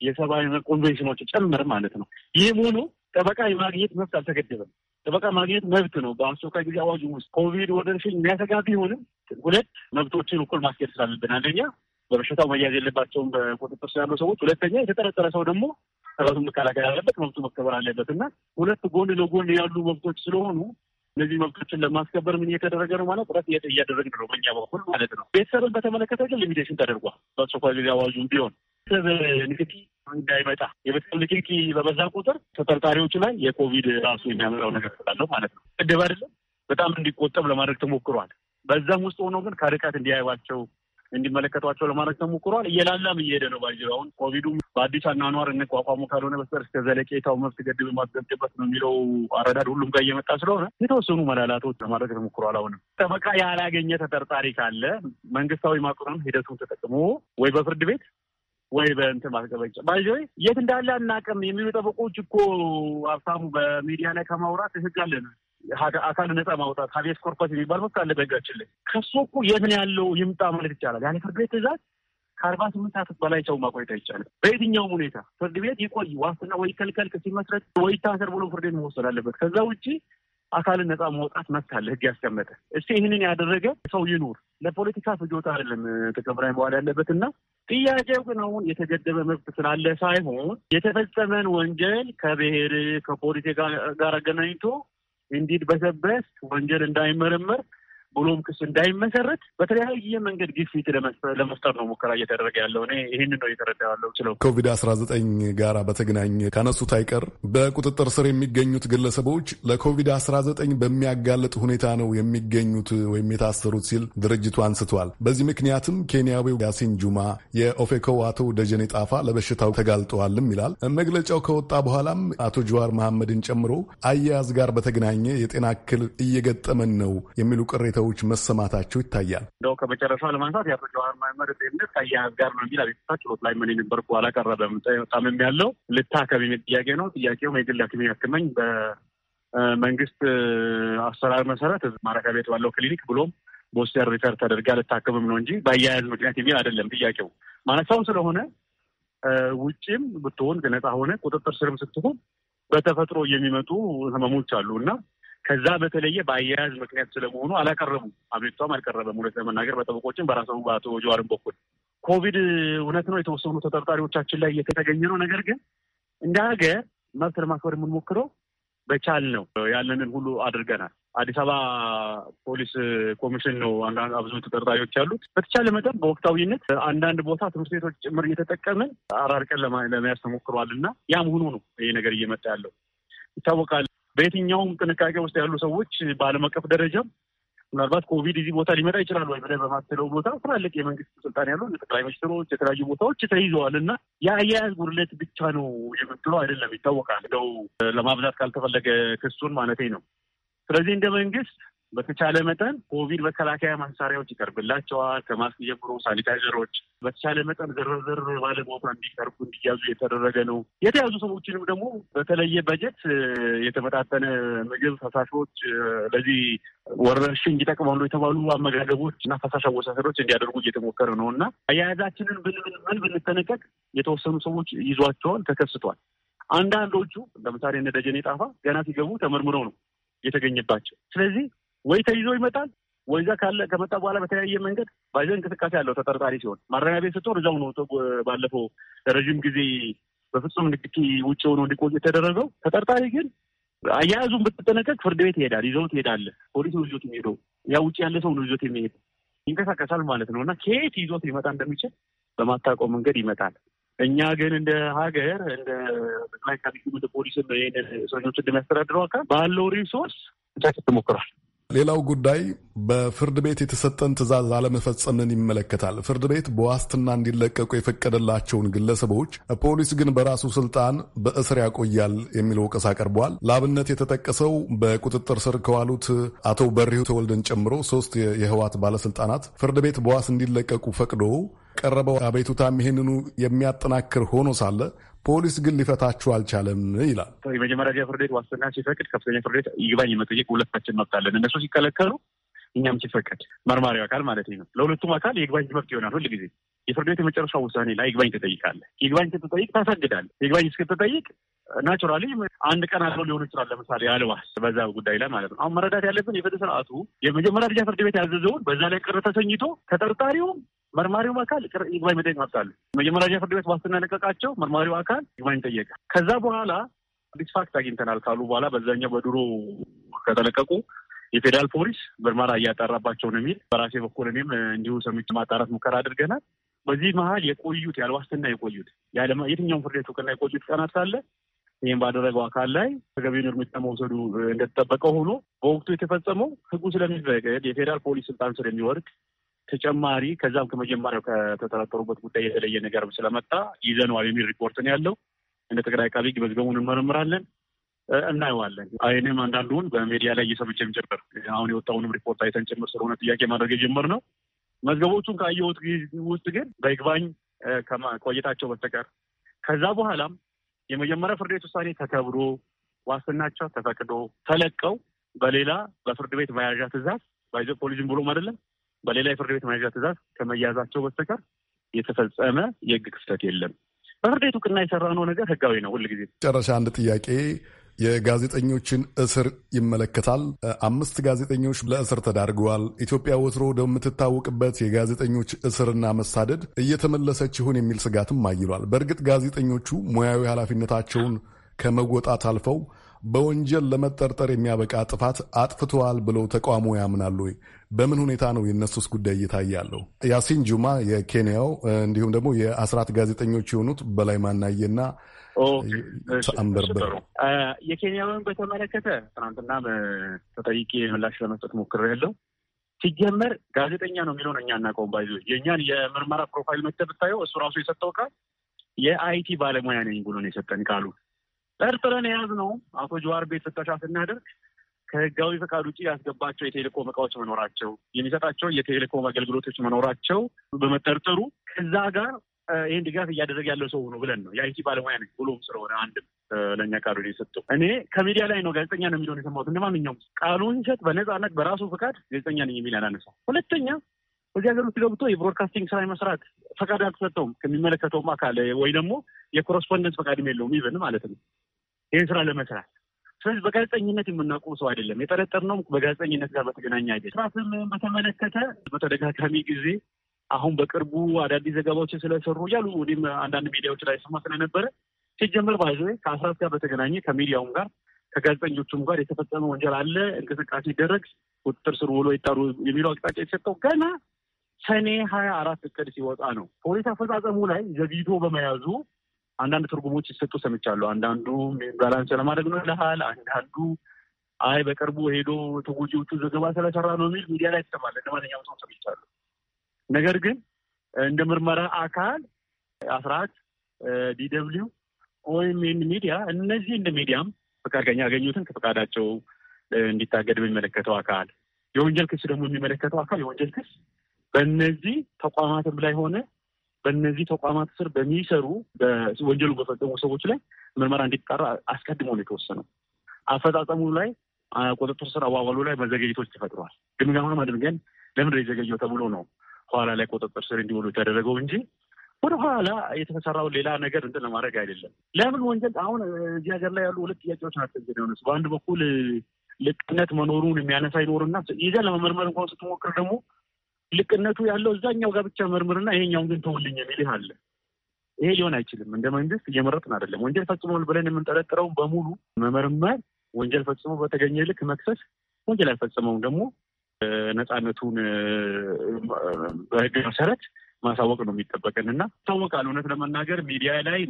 የሰብአዊ ኮንቬንሽኖች ጨምር ማለት ነው። ይህም ሆኖ ጠበቃ የማግኘት መብት አልተገደበም። ጠበቃ ማግኘት መብት ነው። በአስቸኳይ ጊዜ አዋጅ ውስጥ ኮቪድ ወረርሽኝ የሚያሰጋ ቢሆንም ሁለት መብቶችን እኩል ማስኬድ ስላለብን አንደኛ በበሽታው መያዝ የለባቸውም በቁጥጥር ስር ያሉ ሰዎች። ሁለተኛ የተጠረጠረ ሰው ደግሞ ራሱ መከላከል አለበት፣ መብቱ መከበር አለበት እና ሁለት ጎን ለጎን ያሉ መብቶች ስለሆኑ እነዚህ መብቶችን ለማስከበር ምን እየተደረገ ነው ማለት ጥረት እያደረግን ነው በኛ በኩል ማለት ነው። ቤተሰብን በተመለከተ ግን ሊሚቴሽን ተደርጓል በአስቸኳይ ጊዜ አዋጁ ቢሆን ቤተሰብ ንክኪ እንዳይመጣ የቤተሰብ ንክኪ በበዛ ቁጥር ተጠርጣሪዎች ላይ የኮቪድ ራሱ የሚያመጣው ነገር ስላለው ማለት ነው ቅድብ አይደለም በጣም እንዲቆጠብ ለማድረግ ተሞክሯል። በዛም ውስጥ ሆኖ ግን ከርቀት እንዲያይባቸው እንዲመለከቷቸው ለማድረግ ተሞክሯል። እየላላም እየሄደ ነው። ባይዘ አሁን ኮቪዱ በአዲስ አኗኗር እንቋቋሙ ካልሆነ በስተቀር እስከ ዘለቄታው መብት ገድብ የማስገብበት ነው የሚለው አረዳድ ሁሉም ጋር እየመጣ ስለሆነ የተወሰኑ መላላቶች ለማድረግ ተሞክሯል። አሁንም ጠበቃ ያላገኘ ተጠርጣሪ ካለ መንግስታዊ ማቋቋም ሂደቱን ተጠቅሞ ወይ በፍርድ ቤት ወይ በእንትን ማስገበጫ ባይዘ የት እንዳለ አናውቅም የሚሉ ጠበቆች እኮ ሀብታሙ በሚዲያ ላይ ከማውራት ህግ አለን አካል ነጻ ማውጣት ሀቤስ ኮርፐስ የሚባል መብት አለ በህጋችን ላይ። ከሱ እኮ የት ነው ያለው ይምጣ ማለት ይቻላል። ያኔ ፍርድ ቤት ትእዛዝ ከአርባ ስምንት ሰዓት በላይ ሰው ማቆየት አይቻልም። በየትኛውም ሁኔታ ፍርድ ቤት ይቆይ፣ ዋስትና ወይ ይከልከል፣ ሲመስረት ወይ ታሰር ብሎ ፍርድ ቤት መወሰድ አለበት። ከዛ ውጭ አካልን ነጻ ማውጣት መብት ህግ ያስቀመጠ። እስቲ ይህንን ያደረገ ሰው ይኑር። ለፖለቲካ ፍጆታ አይደለም ተከብራይ መዋል ያለበት እና ጥያቄው ግን አሁን የተገደበ መብት ስላለ ሳይሆን የተፈጸመን ወንጀል ከብሔር ከፖሊስ ጋር አገናኝቶ እንዲድበሰበስ ወንጀል እንዳይመረመር ብሎም ክስ እንዳይመሰረት በተለያየ መንገድ ግፊት ለመፍጠር ነው ሙከራ እየተደረገ ያለው። እኔ ይህን ነው እየተረዳ ያለው ችለው ኮቪድ አስራ ዘጠኝ ጋር በተገናኘ ካነሱት አይቀር በቁጥጥር ስር የሚገኙት ግለሰቦች ለኮቪድ አስራ ዘጠኝ በሚያጋልጥ ሁኔታ ነው የሚገኙት ወይም የታሰሩት ሲል ድርጅቱ አንስቷል። በዚህ ምክንያትም ኬንያዊው ያሲን ጁማ፣ የኦፌኮ አቶ ደጀኔ ጣፋ ለበሽታው ተጋልጠዋልም ይላል መግለጫው። ከወጣ በኋላም አቶ ጀዋር መሐመድን ጨምሮ አያያዝ ጋር በተገናኘ የጤና እክል እየገጠመን ነው የሚሉ ቅሬታ ጉዳዮች መሰማታቸው ይታያል። እንደው ከመጨረሻ ለማንሳት የአቶ ጀዋር መሐመድ ጤንነት ከአያያዝ ጋር ነው የሚል አቤቱታ ችሎት ላይ ምን የነበርኩ አላቀረበም። በጣም የሚያለው ልታከም የሚል ጥያቄ ነው። ጥያቄውም የግል ሐኪም ያክመኝ በመንግስት አሰራር መሰረት ማረፊያ ቤት ባለው ክሊኒክ ብሎም ቦስተር ሪፈር ተደርጋ ልታከምም ነው እንጂ በአያያዝ ምክንያት የሚል አይደለም ጥያቄው ማነሳውም ስለሆነ ውጭም ብትሆን ነፃ ሆነ ቁጥጥር ስርም ስትሆን በተፈጥሮ የሚመጡ ህመሞች አሉ እና ከዛ በተለየ በአያያዝ ምክንያት ስለመሆኑ አላቀረቡም። አቤቷም አልቀረበም። እውነት ለመናገር በጠበቆችም በራሰቡ በአቶ ጀዋርን በኩል ኮቪድ እውነት ነው የተወሰኑ ተጠርጣሪዎቻችን ላይ እየተገኘ ነው። ነገር ግን እንደ ሀገር መብት ለማክበር የምንሞክረው በቻል ነው ያለንን ሁሉ አድርገናል። አዲስ አበባ ፖሊስ ኮሚሽን ነው አንዳንድ ብዙ ተጠርጣሪዎች ያሉት። በተቻለ መጠን በወቅታዊነት አንዳንድ ቦታ ትምህርት ቤቶች ጭምር እየተጠቀምን አራርቀን ለመያዝ ተሞክሯል እና ያም ሆኖ ነው ይሄ ነገር እየመጣ ያለው ይታወቃል። በየትኛውም ጥንቃቄ ውስጥ ያሉ ሰዎች በዓለም አቀፍ ደረጃ ምናልባት ኮቪድ እዚህ ቦታ ሊመጣ ይችላል ወይ ብለህ በማትለው ቦታ ትላልቅ የመንግስት ስልጣን ያሉ ጠቅላይ ሚኒስትሮች የተለያዩ ቦታዎች ተይዘዋል እና የአያያዝ ጉድለት ብቻ ነው የምትለው አይደለም፣ ይታወቃል። እንደው ለማብዛት ካልተፈለገ ክሱን ማለቴ ነው። ስለዚህ እንደ መንግስት በተቻለ መጠን ኮቪድ መከላከያ ማሳሪያዎች ይቀርብላቸዋል። ከማስክ ጀምሮ ሳኒታይዘሮች በተቻለ መጠን ዝርዝር ባለቦታ እንዲቀርቡ እንዲያዙ እየተደረገ ነው። የተያዙ ሰዎችንም ደግሞ በተለየ በጀት የተመጣጠነ ምግብ፣ ፈሳሾች ለዚህ ወረርሽኝ ይጠቅማሉ የተባሉ አመጋገቦች እና ፈሳሽ አወሳሰዶች እንዲያደርጉ እየተሞከረ ነው እና አያያዛችንን ብንብንብን ብንጠነቀቅ የተወሰኑ ሰዎች ይዟቸዋል ተከስቷል። አንዳንዶቹ ለምሳሌ እነ ደጀኔ ጣፋ ገና ሲገቡ ተመርምረው ነው የተገኘባቸው። ስለዚህ ወይ ተይዞ ይመጣል ወይዛ ካለ ከመጣ በኋላ በተለያየ መንገድ ባይዘ እንቅስቃሴ ያለው ተጠርጣሪ ሲሆን ማረሚያ ቤት ስትሆን እዛው ነው። ባለፈው ለረዥም ጊዜ በፍጹም ንግድ ውጭ ሆኖ እንዲቆይ የተደረገው ተጠርጣሪ ግን አያያዙን ብትጠነቀቅ ፍርድ ቤት ይሄዳል፣ ይዘውት ይሄዳል። ፖሊስ ነው ይዞት የሚሄደው፣ ያ ውጭ ያለ ሰው ነው ይዞት የሚሄድ ይንቀሳቀሳል ማለት ነው እና ከየት ይዞት ሊመጣ እንደሚችል በማታውቀው መንገድ ይመጣል። እኛ ግን እንደ ሀገር እንደ ጠቅላይ ሚኒስትሩ ፖሊስም ይህንን እስረኞች እንደሚያስተዳድረው አካል ባለው ሪሶርስ ብቻ ትሞክሯል ሌላው ጉዳይ በፍርድ ቤት የተሰጠን ትዕዛዝ አለመፈጸምን ይመለከታል። ፍርድ ቤት በዋስትና እንዲለቀቁ የፈቀደላቸውን ግለሰቦች ፖሊስ ግን በራሱ ስልጣን በእስር ያቆያል የሚል ወቀሳ ቀርቧል። ለአብነት የተጠቀሰው በቁጥጥር ስር ከዋሉት አቶ በሪሁ ተወልደን ጨምሮ ሶስት የህዋት ባለስልጣናት ፍርድ ቤት በዋስ እንዲለቀቁ ፈቅዶ ቀረበው አቤቱታም ይህንኑ የሚያጠናክር ሆኖ ሳለ ፖሊስ ግን ሊፈታችሁ አልቻለም ይላል። የመጀመሪያ ፍርድ ቤት ዋስትና ሲፈቅድ ከፍተኛ ፍርድ ቤት ይግባኝ የመጠየቅ ሁለታችን መብታለን። እነሱ ሲከለከሉ እኛም ሲፈቀድ መርማሪው አካል ማለት ነው። ለሁለቱም አካል የይግባኝ መብት ይሆናል። ሁል ጊዜ የፍርድ ቤት የመጨረሻ ውሳኔ ላይ ይግባኝ ትጠይቃለ። ይግባኝ ስትጠይቅ ታሳግዳል። ይግባኝ እስክትጠይቅ ናቹራሊ አንድ ቀን አለው ሊሆኑ ይችላል። ለምሳሌ አልባስ በዛ ጉዳይ ላይ ማለት ነው። አሁን መረዳት ያለብን የፍትህ ስርዓቱ የመጀመሪያ ደረጃ ፍርድ ቤት ያዘዘውን በዛ ላይ ቅር ተሰኝቶ ተጠርጣሪውም መርማሪውም አካል ይግባኝ መጠየቅ መብታለ። መጀመሪያ ደረጃ ፍርድ ቤት ዋስትና ለቀቃቸው፣ መርማሪው አካል ይግባኝ ጠየቀ። ከዛ በኋላ አዲስ ፋክት አግኝተናል ካሉ በኋላ በዛኛው በድሮ ከተለቀቁ የፌዴራል ፖሊስ ምርመራ እያጠራባቸው ነው የሚል በራሴ በኩል እኔም እንዲሁ ሰምቼ ማጣራት ሙከራ አድርገናል። በዚህ መሀል የቆዩት ያለ ዋስትና የቆዩት የትኛውም ፍርድ ቤት እውቅና የቆዩት ቀናት ካለ ይህም ባደረገው አካል ላይ ተገቢውን እርምጃ መውሰዱ እንደተጠበቀ ሆኖ በወቅቱ የተፈጸመው ህጉ ስለሚፈቅድ የፌዴራል ፖሊስ ስልጣን ስለሚወርቅ ተጨማሪ ከዛም ከመጀመሪያው ከተጠረጠሩበት ጉዳይ የተለየ ነገር ስለመጣ ይዘነዋል የሚል ሪፖርት ነው ያለው እንደ ጠቅላይ አቃቤ ህግ መዝገቡን እንመረምራለን። እናየዋለን። እኔም አንዳንዱን በሚዲያ ላይ እየሰምቼም ጭምር አሁን የወጣውንም ሪፖርት አይተን ጭምር ስለሆነ ጥያቄ ማድረግ ነው። መዝገቦቹን ካየሁት ውስጥ ግን በይግባኝ ቆይታቸው በስተቀር ከዛ በኋላም የመጀመሪያ ፍርድ ቤት ውሳኔ ተከብሮ ዋስትናቸው ተፈቅዶ ተለቀው በሌላ በፍርድ ቤት መያዣ ትእዛዝ ባይዘ ፖሊጅን ብሎም አይደለም በሌላ የፍርድ ቤት መያዣ ትእዛዝ ከመያዛቸው በስተቀር የተፈጸመ የህግ ክፍተት የለም። በፍርድ ቤት እውቅና የሰራነው ነገር ህጋዊ ነው። ሁልጊዜ ጨረሻ አንድ ጥያቄ የጋዜጠኞችን እስር ይመለከታል። አምስት ጋዜጠኞች ለእስር ተዳርገዋል። ኢትዮጵያ ወትሮ ወደምትታወቅበት የጋዜጠኞች እስርና መሳደድ እየተመለሰች ይሆን የሚል ስጋትም አይሏል። በእርግጥ ጋዜጠኞቹ ሙያዊ ኃላፊነታቸውን ከመወጣት አልፈው በወንጀል ለመጠርጠር የሚያበቃ ጥፋት አጥፍተዋል ብለው ተቃውሞ ያምናሉ ወይ? በምን ሁኔታ ነው የእነሱስ ጉዳይ እየታየ ያሲን ጁማ የኬንያው እንዲሁም ደግሞ የአስራት ጋዜጠኞች የሆኑት በላይ ማናየና ተአምበርበር የኬንያውን በተመለከተ ትናንትና ተጠይቄ ምላሽ ለመስጠት ያለው ሲጀመር ጋዜጠኛ ነው የሚለውን እኛ እናቀውም ባይዞ የእኛን የምርመራ ፕሮፋይል መጥተህ ብታየው እሱ ራሱ የሰጠው ቃል የአይቲ ባለሙያ ነኝ ብሎ ነው የሰጠን ቃሉ። ጠርጥረን የያዝነው አቶ ጀዋር ቤት ፍተሻ ስናደርግ ከህጋዊ ፈቃድ ውጭ ያስገባቸው የቴሌኮም እቃዎች መኖራቸው፣ የሚሰጣቸው የቴሌኮም አገልግሎቶች መኖራቸው በመጠርጠሩ ከዛ ጋር ይህን ድጋፍ እያደረገ ያለው ሰው ነው ብለን ነው የአይቲ ባለሙያ ነኝ ብሎም ስለሆነ አንድም ለእኛ ቃሉ የሰጠው እኔ ከሚዲያ ላይ ነው ጋዜጠኛ ነው የሚለውን የሰማሁት። እንደ ማንኛውም ቃሉን ሲሰጥ በነጻነት በራሱ ፈቃድ ጋዜጠኛ ነኝ የሚል ያላነሳ ሁለተኛ እዚህ ሀገር ውስጥ ገብቶ የብሮድካስቲንግ ስራ መስራት ፈቃድ አልተሰጠውም ከሚመለከተውም አካል ወይ ደግሞ የኮረስፖንደንስ ፈቃድም የለውም ይብን ማለት ነው። ይህን ስራ ለመስራት። ስለዚህ በጋዜጠኝነት የምናውቀው ሰው አይደለም። የጠረጠርነውም በጋዜጠኝነት ጋር በተገናኘ አይደለም። ስራትም በተመለከተ በተደጋጋሚ ጊዜ አሁን በቅርቡ አዳዲስ ዘገባዎችን ስለሰሩ እያሉ እኔም አንዳንድ ሚዲያዎች ላይ ስማ ስለነበረ ሲጀመር ባይዘ ከአስራት ጋር በተገናኘ ከሚዲያውም ጋር ከጋዜጠኞቹም ጋር የተፈጸመ ወንጀል አለ፣ እንቅስቃሴ ይደረግ፣ ቁጥጥር ስር ውሎ ይጣሩ የሚለው አቅጣጫ የተሰጠው ገና ሰኔ ሀያ አራት እቅድ ሲወጣ ነው። ፖሊስ አፈጻጸሙ ላይ ዘግይቶ በመያዙ አንዳንድ ትርጉሞች ሲሰጡ ሰምቻለሁ። አንዳንዱ ባላንስ ለማድረግ ነው ይልሃል። አንዳንዱ አይ በቅርቡ ሄዶ ተጎጂዎቹ ዘገባ ስለሰራ ነው የሚል ሚዲያ ላይ ይሰማል። እንደ ማንኛውም ሰው ሰምቻለሁ። ነገር ግን እንደ ምርመራ አካል አስራት ዲደብሊው ወይም ይህን ሚዲያ እነዚህ እንደ ሚዲያም ፈቃድ ያገኙትን ከፈቃዳቸው እንዲታገድ የሚመለከተው አካል የወንጀል ክስ ደግሞ የሚመለከተው አካል የወንጀል ክስ በእነዚህ ተቋማትም ላይ ሆነ በእነዚህ ተቋማት ስር በሚሰሩ ወንጀሉ በፈጸሙ ሰዎች ላይ ምርመራ እንዲጣራ አስቀድሞ ነው የተወሰነው። አፈጻጸሙ ላይ ቁጥጥር ስር አዋዋሉ ላይ መዘገጅቶች ተፈጥረዋል። ግምገማ አድርገን ለምን የዘገየው ተብሎ ነው ኋላ ላይ ቁጥጥር ስር እንዲውሉ የተደረገው እንጂ ወደ ኋላ የተሰራው ሌላ ነገር እንትን ለማድረግ አይደለም። ለምን ወንጀል አሁን እዚህ ሀገር ላይ ያሉ ሁለት ጥያቄዎች ናቸው። በአንድ በኩል ልቅነት መኖሩን የሚያነሳ ይኖርና ይዘን ለመመርመር እንኳን ስትሞክር ደግሞ ልቅነቱ ያለው እዛኛው ጋር ብቻ መርምርና ይሄኛውን ግን ተውልኝ የሚል አለ። ይሄ ሊሆን አይችልም። እንደ መንግስት እየመረጥን አይደለም። ወንጀል ፈጽሟል ብለን የምንጠረጥረውን በሙሉ መመርመር፣ ወንጀል ፈጽሞ በተገኘ ልክ መክሰስ፣ ወንጀል አልፈጸመውም ደግሞ ነፃነቱን በህግ መሰረት ማሳወቅ ነው የሚጠበቀን እና ይታወቃል። እውነት ለመናገር ሚዲያ ላይ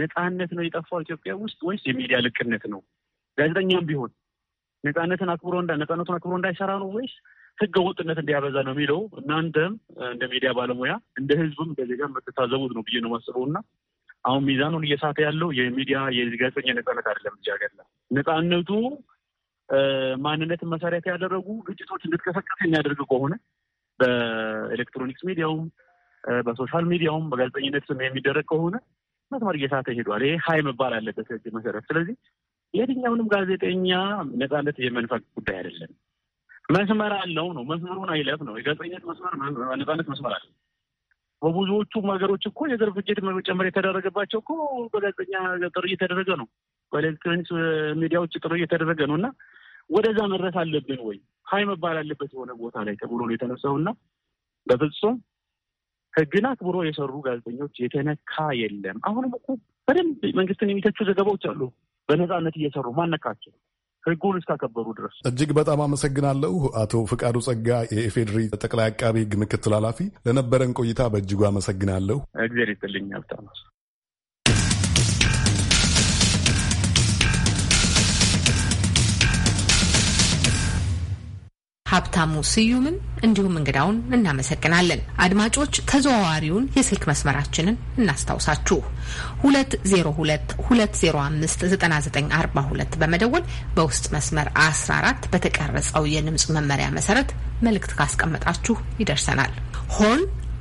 ነፃነት ነው የጠፋው ኢትዮጵያ ውስጥ ወይስ የሚዲያ ልቅነት ነው? ጋዜጠኛም ቢሆን ነፃነትን አክብሮ ነፃነቱን አክብሮ እንዳይሰራ ነው ወይስ ህገ ወጥነት እንዲያበዛ ነው የሚለው እናንተም እንደ ሚዲያ ባለሙያ እንደ ህዝብም እንደ ዜጋ የምትታዘቡት ነው ብዬ ነው ማስበው እና አሁን ሚዛኑን እየሳተ ያለው የሚዲያ የጋዜጠኛ ነጻነት አይደለም። እዚ ሀገር ነጻነቱ ማንነትን መሰረት ያደረጉ ግጭቶች እንድትቀሰቀስ የሚያደርግ ከሆነ በኤሌክትሮኒክስ ሚዲያውም በሶሻል ሚዲያውም በጋዜጠኝነት ስም የሚደረግ ከሆነ መስመር እየሳተ ይሄዷል። ይሄ ሀይ መባል አለበት መሰረት። ስለዚህ የትኛውንም ጋዜጠኛ ነጻነት የመንፈቅ ጉዳይ አይደለም። መስመር አለው ነው። መስመሩን አይለፍ ነው። የጋዜጠኝነት መስመር ነጻነት መስመር አለ። በብዙዎቹ ሀገሮች እኮ የዘር ፍጅት መጨመር የተደረገባቸው እኮ በጋዜጠኛ ጥሪ እየተደረገ ነው። በኤሌክትሮኒክስ ሚዲያዎች ጥሪ እየተደረገ ነው እና ወደዛ መድረስ አለብን ወይ ሀይ መባል አለበት የሆነ ቦታ ላይ ተብሎ ነው የተነሳው እና በፍጹም ህግን አክብሮ የሰሩ ጋዜጠኞች የተነካ የለም። አሁንም እኮ በደንብ መንግስትን የሚተቹ ዘገባዎች አሉ። በነጻነት እየሰሩ ማነካቸው ህጉን እስካከበሩ ድረስ። እጅግ በጣም አመሰግናለሁ አቶ ፍቃዱ ጸጋ፣ የኢፌድሪ ጠቅላይ አቃቢ ህግ ምክትል ኃላፊ፣ ለነበረን ቆይታ በእጅጉ አመሰግናለሁ። እግዜር ይስጥልኝ። ሀብታሙ ስዩምን እንዲሁም እንግዳውን እናመሰግናለን። አድማጮች ተዘዋዋሪውን የስልክ መስመራችንን እናስታውሳችሁ። 2022059942 በመደወል በውስጥ መስመር 14 በተቀረጸው የድምፅ መመሪያ መሰረት መልእክት ካስቀመጣችሁ ይደርሰናል። ሆን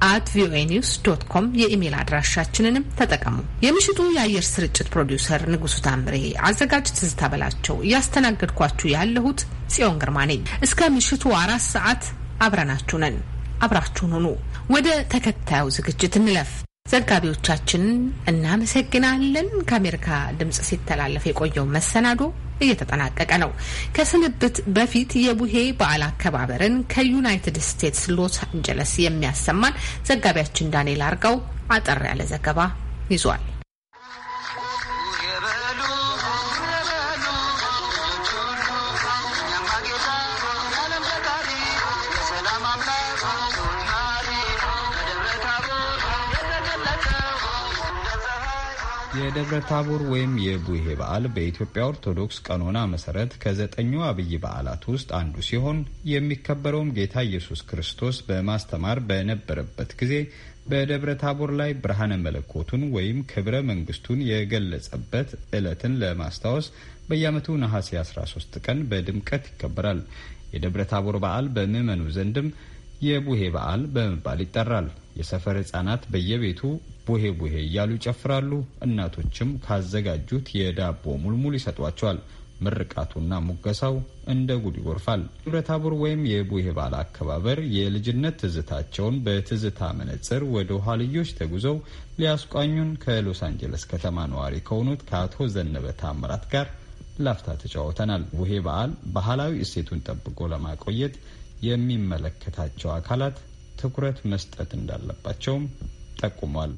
አት ቪኦኤ ኒውስ ዶት ኮም የኢሜል አድራሻችንንም ተጠቀሙ። የምሽቱ የአየር ስርጭት ፕሮዲውሰር ንጉሱ ታምሬ፣ አዘጋጅ ትዝታ በላቸው፣ እያስተናገድኳችሁ ያለሁት ጽዮን ግርማ ነኝ። እስከ ምሽቱ አራት ሰዓት አብረናችሁ ነን። አብራችሁን ሁኑ። ወደ ተከታዩ ዝግጅት እንለፍ። ዘጋቢዎቻችንን እናመሰግናለን። ከአሜሪካ ድምጽ ሲተላለፍ የቆየው መሰናዶ እየተጠናቀቀ ነው። ከስንብት በፊት የቡሄ በዓል አከባበርን ከዩናይትድ ስቴትስ ሎስ አንጀለስ የሚያሰማን ዘጋቢያችን ዳንኤል አርጋው አጠር ያለ ዘገባ ይዟል። የደብረ ታቦር ወይም የቡሄ በዓል በኢትዮጵያ ኦርቶዶክስ ቀኖና መሰረት ከዘጠኙ አብይ በዓላት ውስጥ አንዱ ሲሆን የሚከበረውም ጌታ ኢየሱስ ክርስቶስ በማስተማር በነበረበት ጊዜ በደብረ ታቦር ላይ ብርሃነ መለኮቱን ወይም ክብረ መንግስቱን የገለጸበት ዕለትን ለማስታወስ በየዓመቱ ነሐሴ 13 ቀን በድምቀት ይከበራል። የደብረ ታቦር በዓል በምዕመኑ ዘንድም የቡሄ በዓል በመባል ይጠራል። የሰፈር ህጻናት በየቤቱ ቡሄ ቡሄ እያሉ ይጨፍራሉ። እናቶችም ካዘጋጁት የዳቦ ሙልሙል ይሰጧቸዋል። ምርቃቱና ሙገሳው እንደ ጉድ ይጎርፋል። ህብረታቡር ወይም የቡሄ በዓል አከባበር የልጅነት ትዝታቸውን በትዝታ መነጽር ወደ ውሃ ልዮች ተጉዘው ሊያስቋኙን ከሎስ አንጀለስ ከተማ ነዋሪ ከሆኑት ከአቶ ዘነበ ታምራት ጋር ላፍታ ተጫወተናል። ቡሄ በዓል ባህላዊ እሴቱን ጠብቆ ለማቆየት የሚመለከታቸው አካላት ትኩረት መስጠት እንዳለባቸውም ጠቁሟል።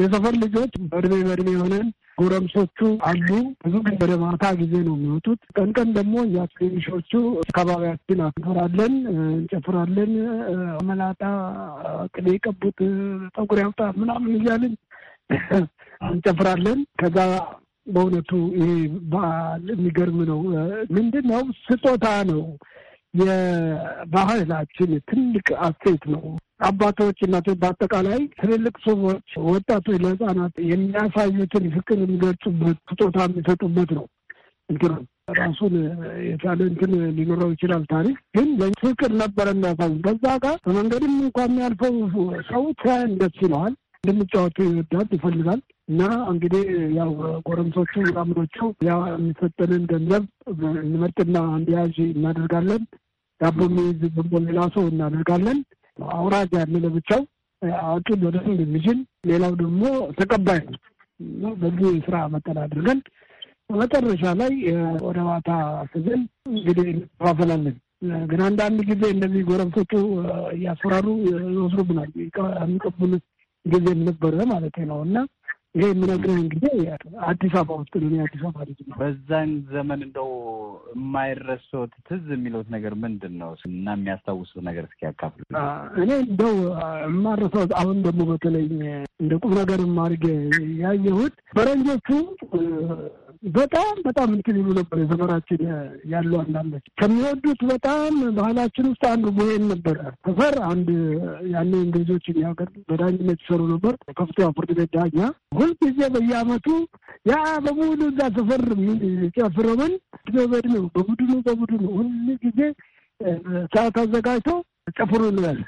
የሰፈር ልጆች በእድሜ በእድሜ የሆነን ጎረምሶቹ አሉ። ብዙ ግን ወደ ማታ ጊዜ ነው የሚወጡት። ቀን ቀን ደግሞ እያስገሚሾቹ አካባቢያችን አክንፈራለን፣ እንጨፍራለን፣ መላጣ ቅቤ ቀቡት፣ ጠጉር ያውጣ ምናምን እያልን እንጨፍራለን። ከዛ በእውነቱ ይሄ በዓል የሚገርም ነው። ምንድን ነው ስጦታ ነው። የባህላችን ትልቅ አሴት ነው። አባቶች፣ እናቶች፣ በአጠቃላይ ትልልቅ ሰዎች፣ ወጣቶች ለህጻናት የሚያሳዩትን ፍቅር የሚገልጹበት ስጦታ የሚሰጡበት ነው። እንትነው ራሱን የቻለ እንትን ሊኖረው ይችላል። ታሪክ ግን ፍቅር ነበረ የሚያሳዩ በዛ ጋር በመንገድም እንኳ የሚያልፈው ሰው ተያይን ደስ ይለዋል። እንደሚጫወቱ ይወዳል፣ ይፈልጋል እና እንግዲህ ያው ጎረምሶቹ ምናምኖቹ ያ የሚሰጠንን ገንዘብ እንመጥና እንዲያዥ እናደርጋለን። ዳቦ የሚይዝ ሌላ ሰው እናደርጋለን። አውራጅ ያለ ለብቻው አዋቂ ሊወደስ እንደሚችል ሌላው ደግሞ ተቀባይ ነው። በዚህ ስራ መጠን አድርገን መጨረሻ ላይ ወደ ማታ ስብል እንግዲህ እንከፋፈላለን። ግን አንዳንድ ጊዜ እንደዚህ ጎረምሶቹ እያስፈራሩ ይወስዱብናል። የሚቀቡን ጊዜ ነበረ ማለት ነው እና ይሄ የምነግርህ ጊዜ አዲስ አበባ ውስጥ ነው። አዲስ አበባ ልጅ ነው። በዛን ዘመን እንደው የማይረሶት ትዝ የሚለት ነገር ምንድን ነው እና የሚያስታውሱት ነገር እስኪያካፍሉ። እኔ እንደው የማረሳት አሁን ደግሞ በተለይ እንደ ቁም ነገር አድርጌ ያየሁት ፈረንጆቹ በጣም በጣም እንትን ይሉ ነበር። የዘመናችን ያሉ አንዳንዶች ከሚወዱት በጣም ባህላችን ውስጥ አንዱ ቡሄን ነበረ። ተፈር አንድ ያኔ እንግሊዞች የሚያውቀር በዳኝነት ይሰሩ ነበር። ከፍተኛ ፍርድ ቤት ዳኛ ሁልጊዜ በየአመቱ ያ በሙሉ እዛ ተፈር ጨፍረምን እድሜ በእድሜው በቡድኑ በቡድኑ ሁሉ ጊዜ ሰዓት አዘጋጅቶ ጨፍሩ እንላል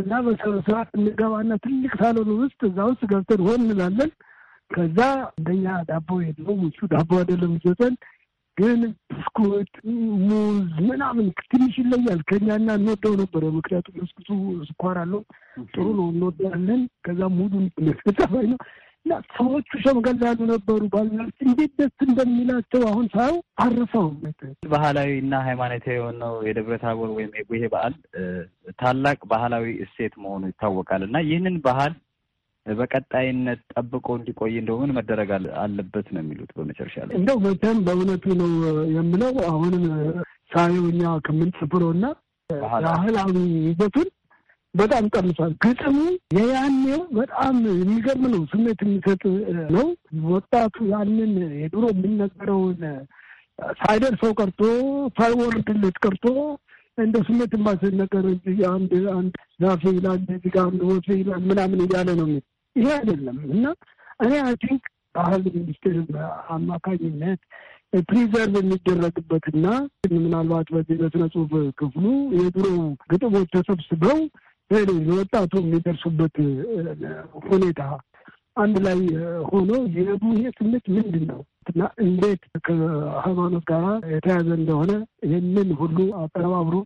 እና በሰዓት እንገባና ትልቅ ሳሎን ውስጥ እዛ ውስጥ ገብተን ሆን እንላለን ከዛ እንደኛ ዳቦ የለውም እሱ ዳቦ አይደለም ይሰጠን ግን ብስኩት፣ ሙዝ ምናምን ትንሽ ይለያል ከኛና እንወደው ነበረ። ምክንያቱም ብስኩቱ ስኳር አለው ጥሩ ነው እንወዳለን። ከዛ ሙዙ ነስከታፋይ ነው እና ሰዎቹ ሸምገል ያሉ ነበሩ። ባልና እንዴት ደስ እንደሚላቸው አሁን ሳየው አረፈው። ባህላዊ እና ሃይማኖታዊ የሆነው የደብረ ታቦር ወይም የጉሄ በዓል ታላቅ ባህላዊ እሴት መሆኑ ይታወቃል እና ይህንን ባህል በቀጣይነት ጠብቆ እንዲቆይ እንደሆን መደረግ አለበት ነው የሚሉት። በመጨረሻ ላይ እንደው መቼም በእውነቱ ነው የምለው አሁንም ሳየው እኛ ከምንጽፍረው እና ባህላዊ ይዘቱን በጣም ቀንሷል። ግጥሙ የያኔው በጣም የሚገርም ነው፣ ስሜት የሚሰጥ ነው። ወጣቱ ያንን የድሮ የሚነገረውን ሳይደርሰው ቀርቶ ሳይወርድለት ቀርቶ እንደ ስሜት የማይሰጥ አንድ አንድ ዛፌ ይላል፣ እዚህ ጋር አንድ ወፍ ይላል ምናምን እያለ ነው ይሄ አይደለም እና እኔ አይ ቲንክ ባህል ሚኒስቴር አማካኝነት ፕሪዘርቭ የሚደረግበትና ምናልባት በዚህ በስነ ጽሁፍ ክፍሉ የድሮ ግጥሞች ተሰብስበው ወጣቱ የሚደርሱበት ሁኔታ አንድ ላይ ሆኖ የሄዱ ይሄ ስሜት ምንድን ነው እና እንዴት ከሃይማኖት ጋር የተያዘ እንደሆነ ይህንን ሁሉ አጠነባብሮ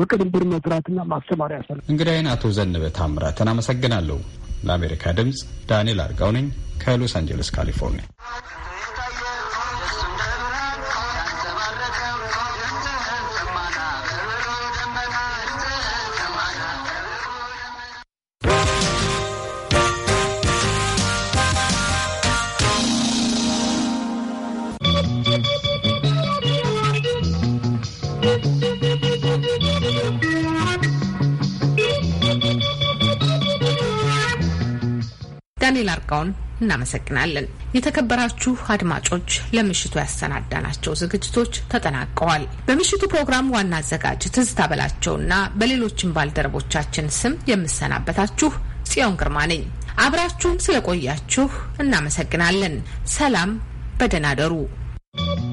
በቅንብር መስራትና ማስተማር ያሰል እንግዳይን አቶ ዘንበ ታምራትን አመሰግናለሁ። ለአሜሪካ ድምፅ ዳንኤል አርጋው ነኝ ከሎስ አንጀለስ ካሊፎርኒያ ዳንኤል አርጋውን እናመሰግናለን። የተከበራችሁ አድማጮች ለምሽቱ ያሰናዳናቸው ዝግጅቶች ተጠናቀዋል። በምሽቱ ፕሮግራም ዋና አዘጋጅ ትዝታ በላቸውና በሌሎችም ባልደረቦቻችን ስም የምሰናበታችሁ ጽዮን ግርማ ነኝ። አብራችሁም ስለቆያችሁ እናመሰግናለን። ሰላም፣ በደህና you.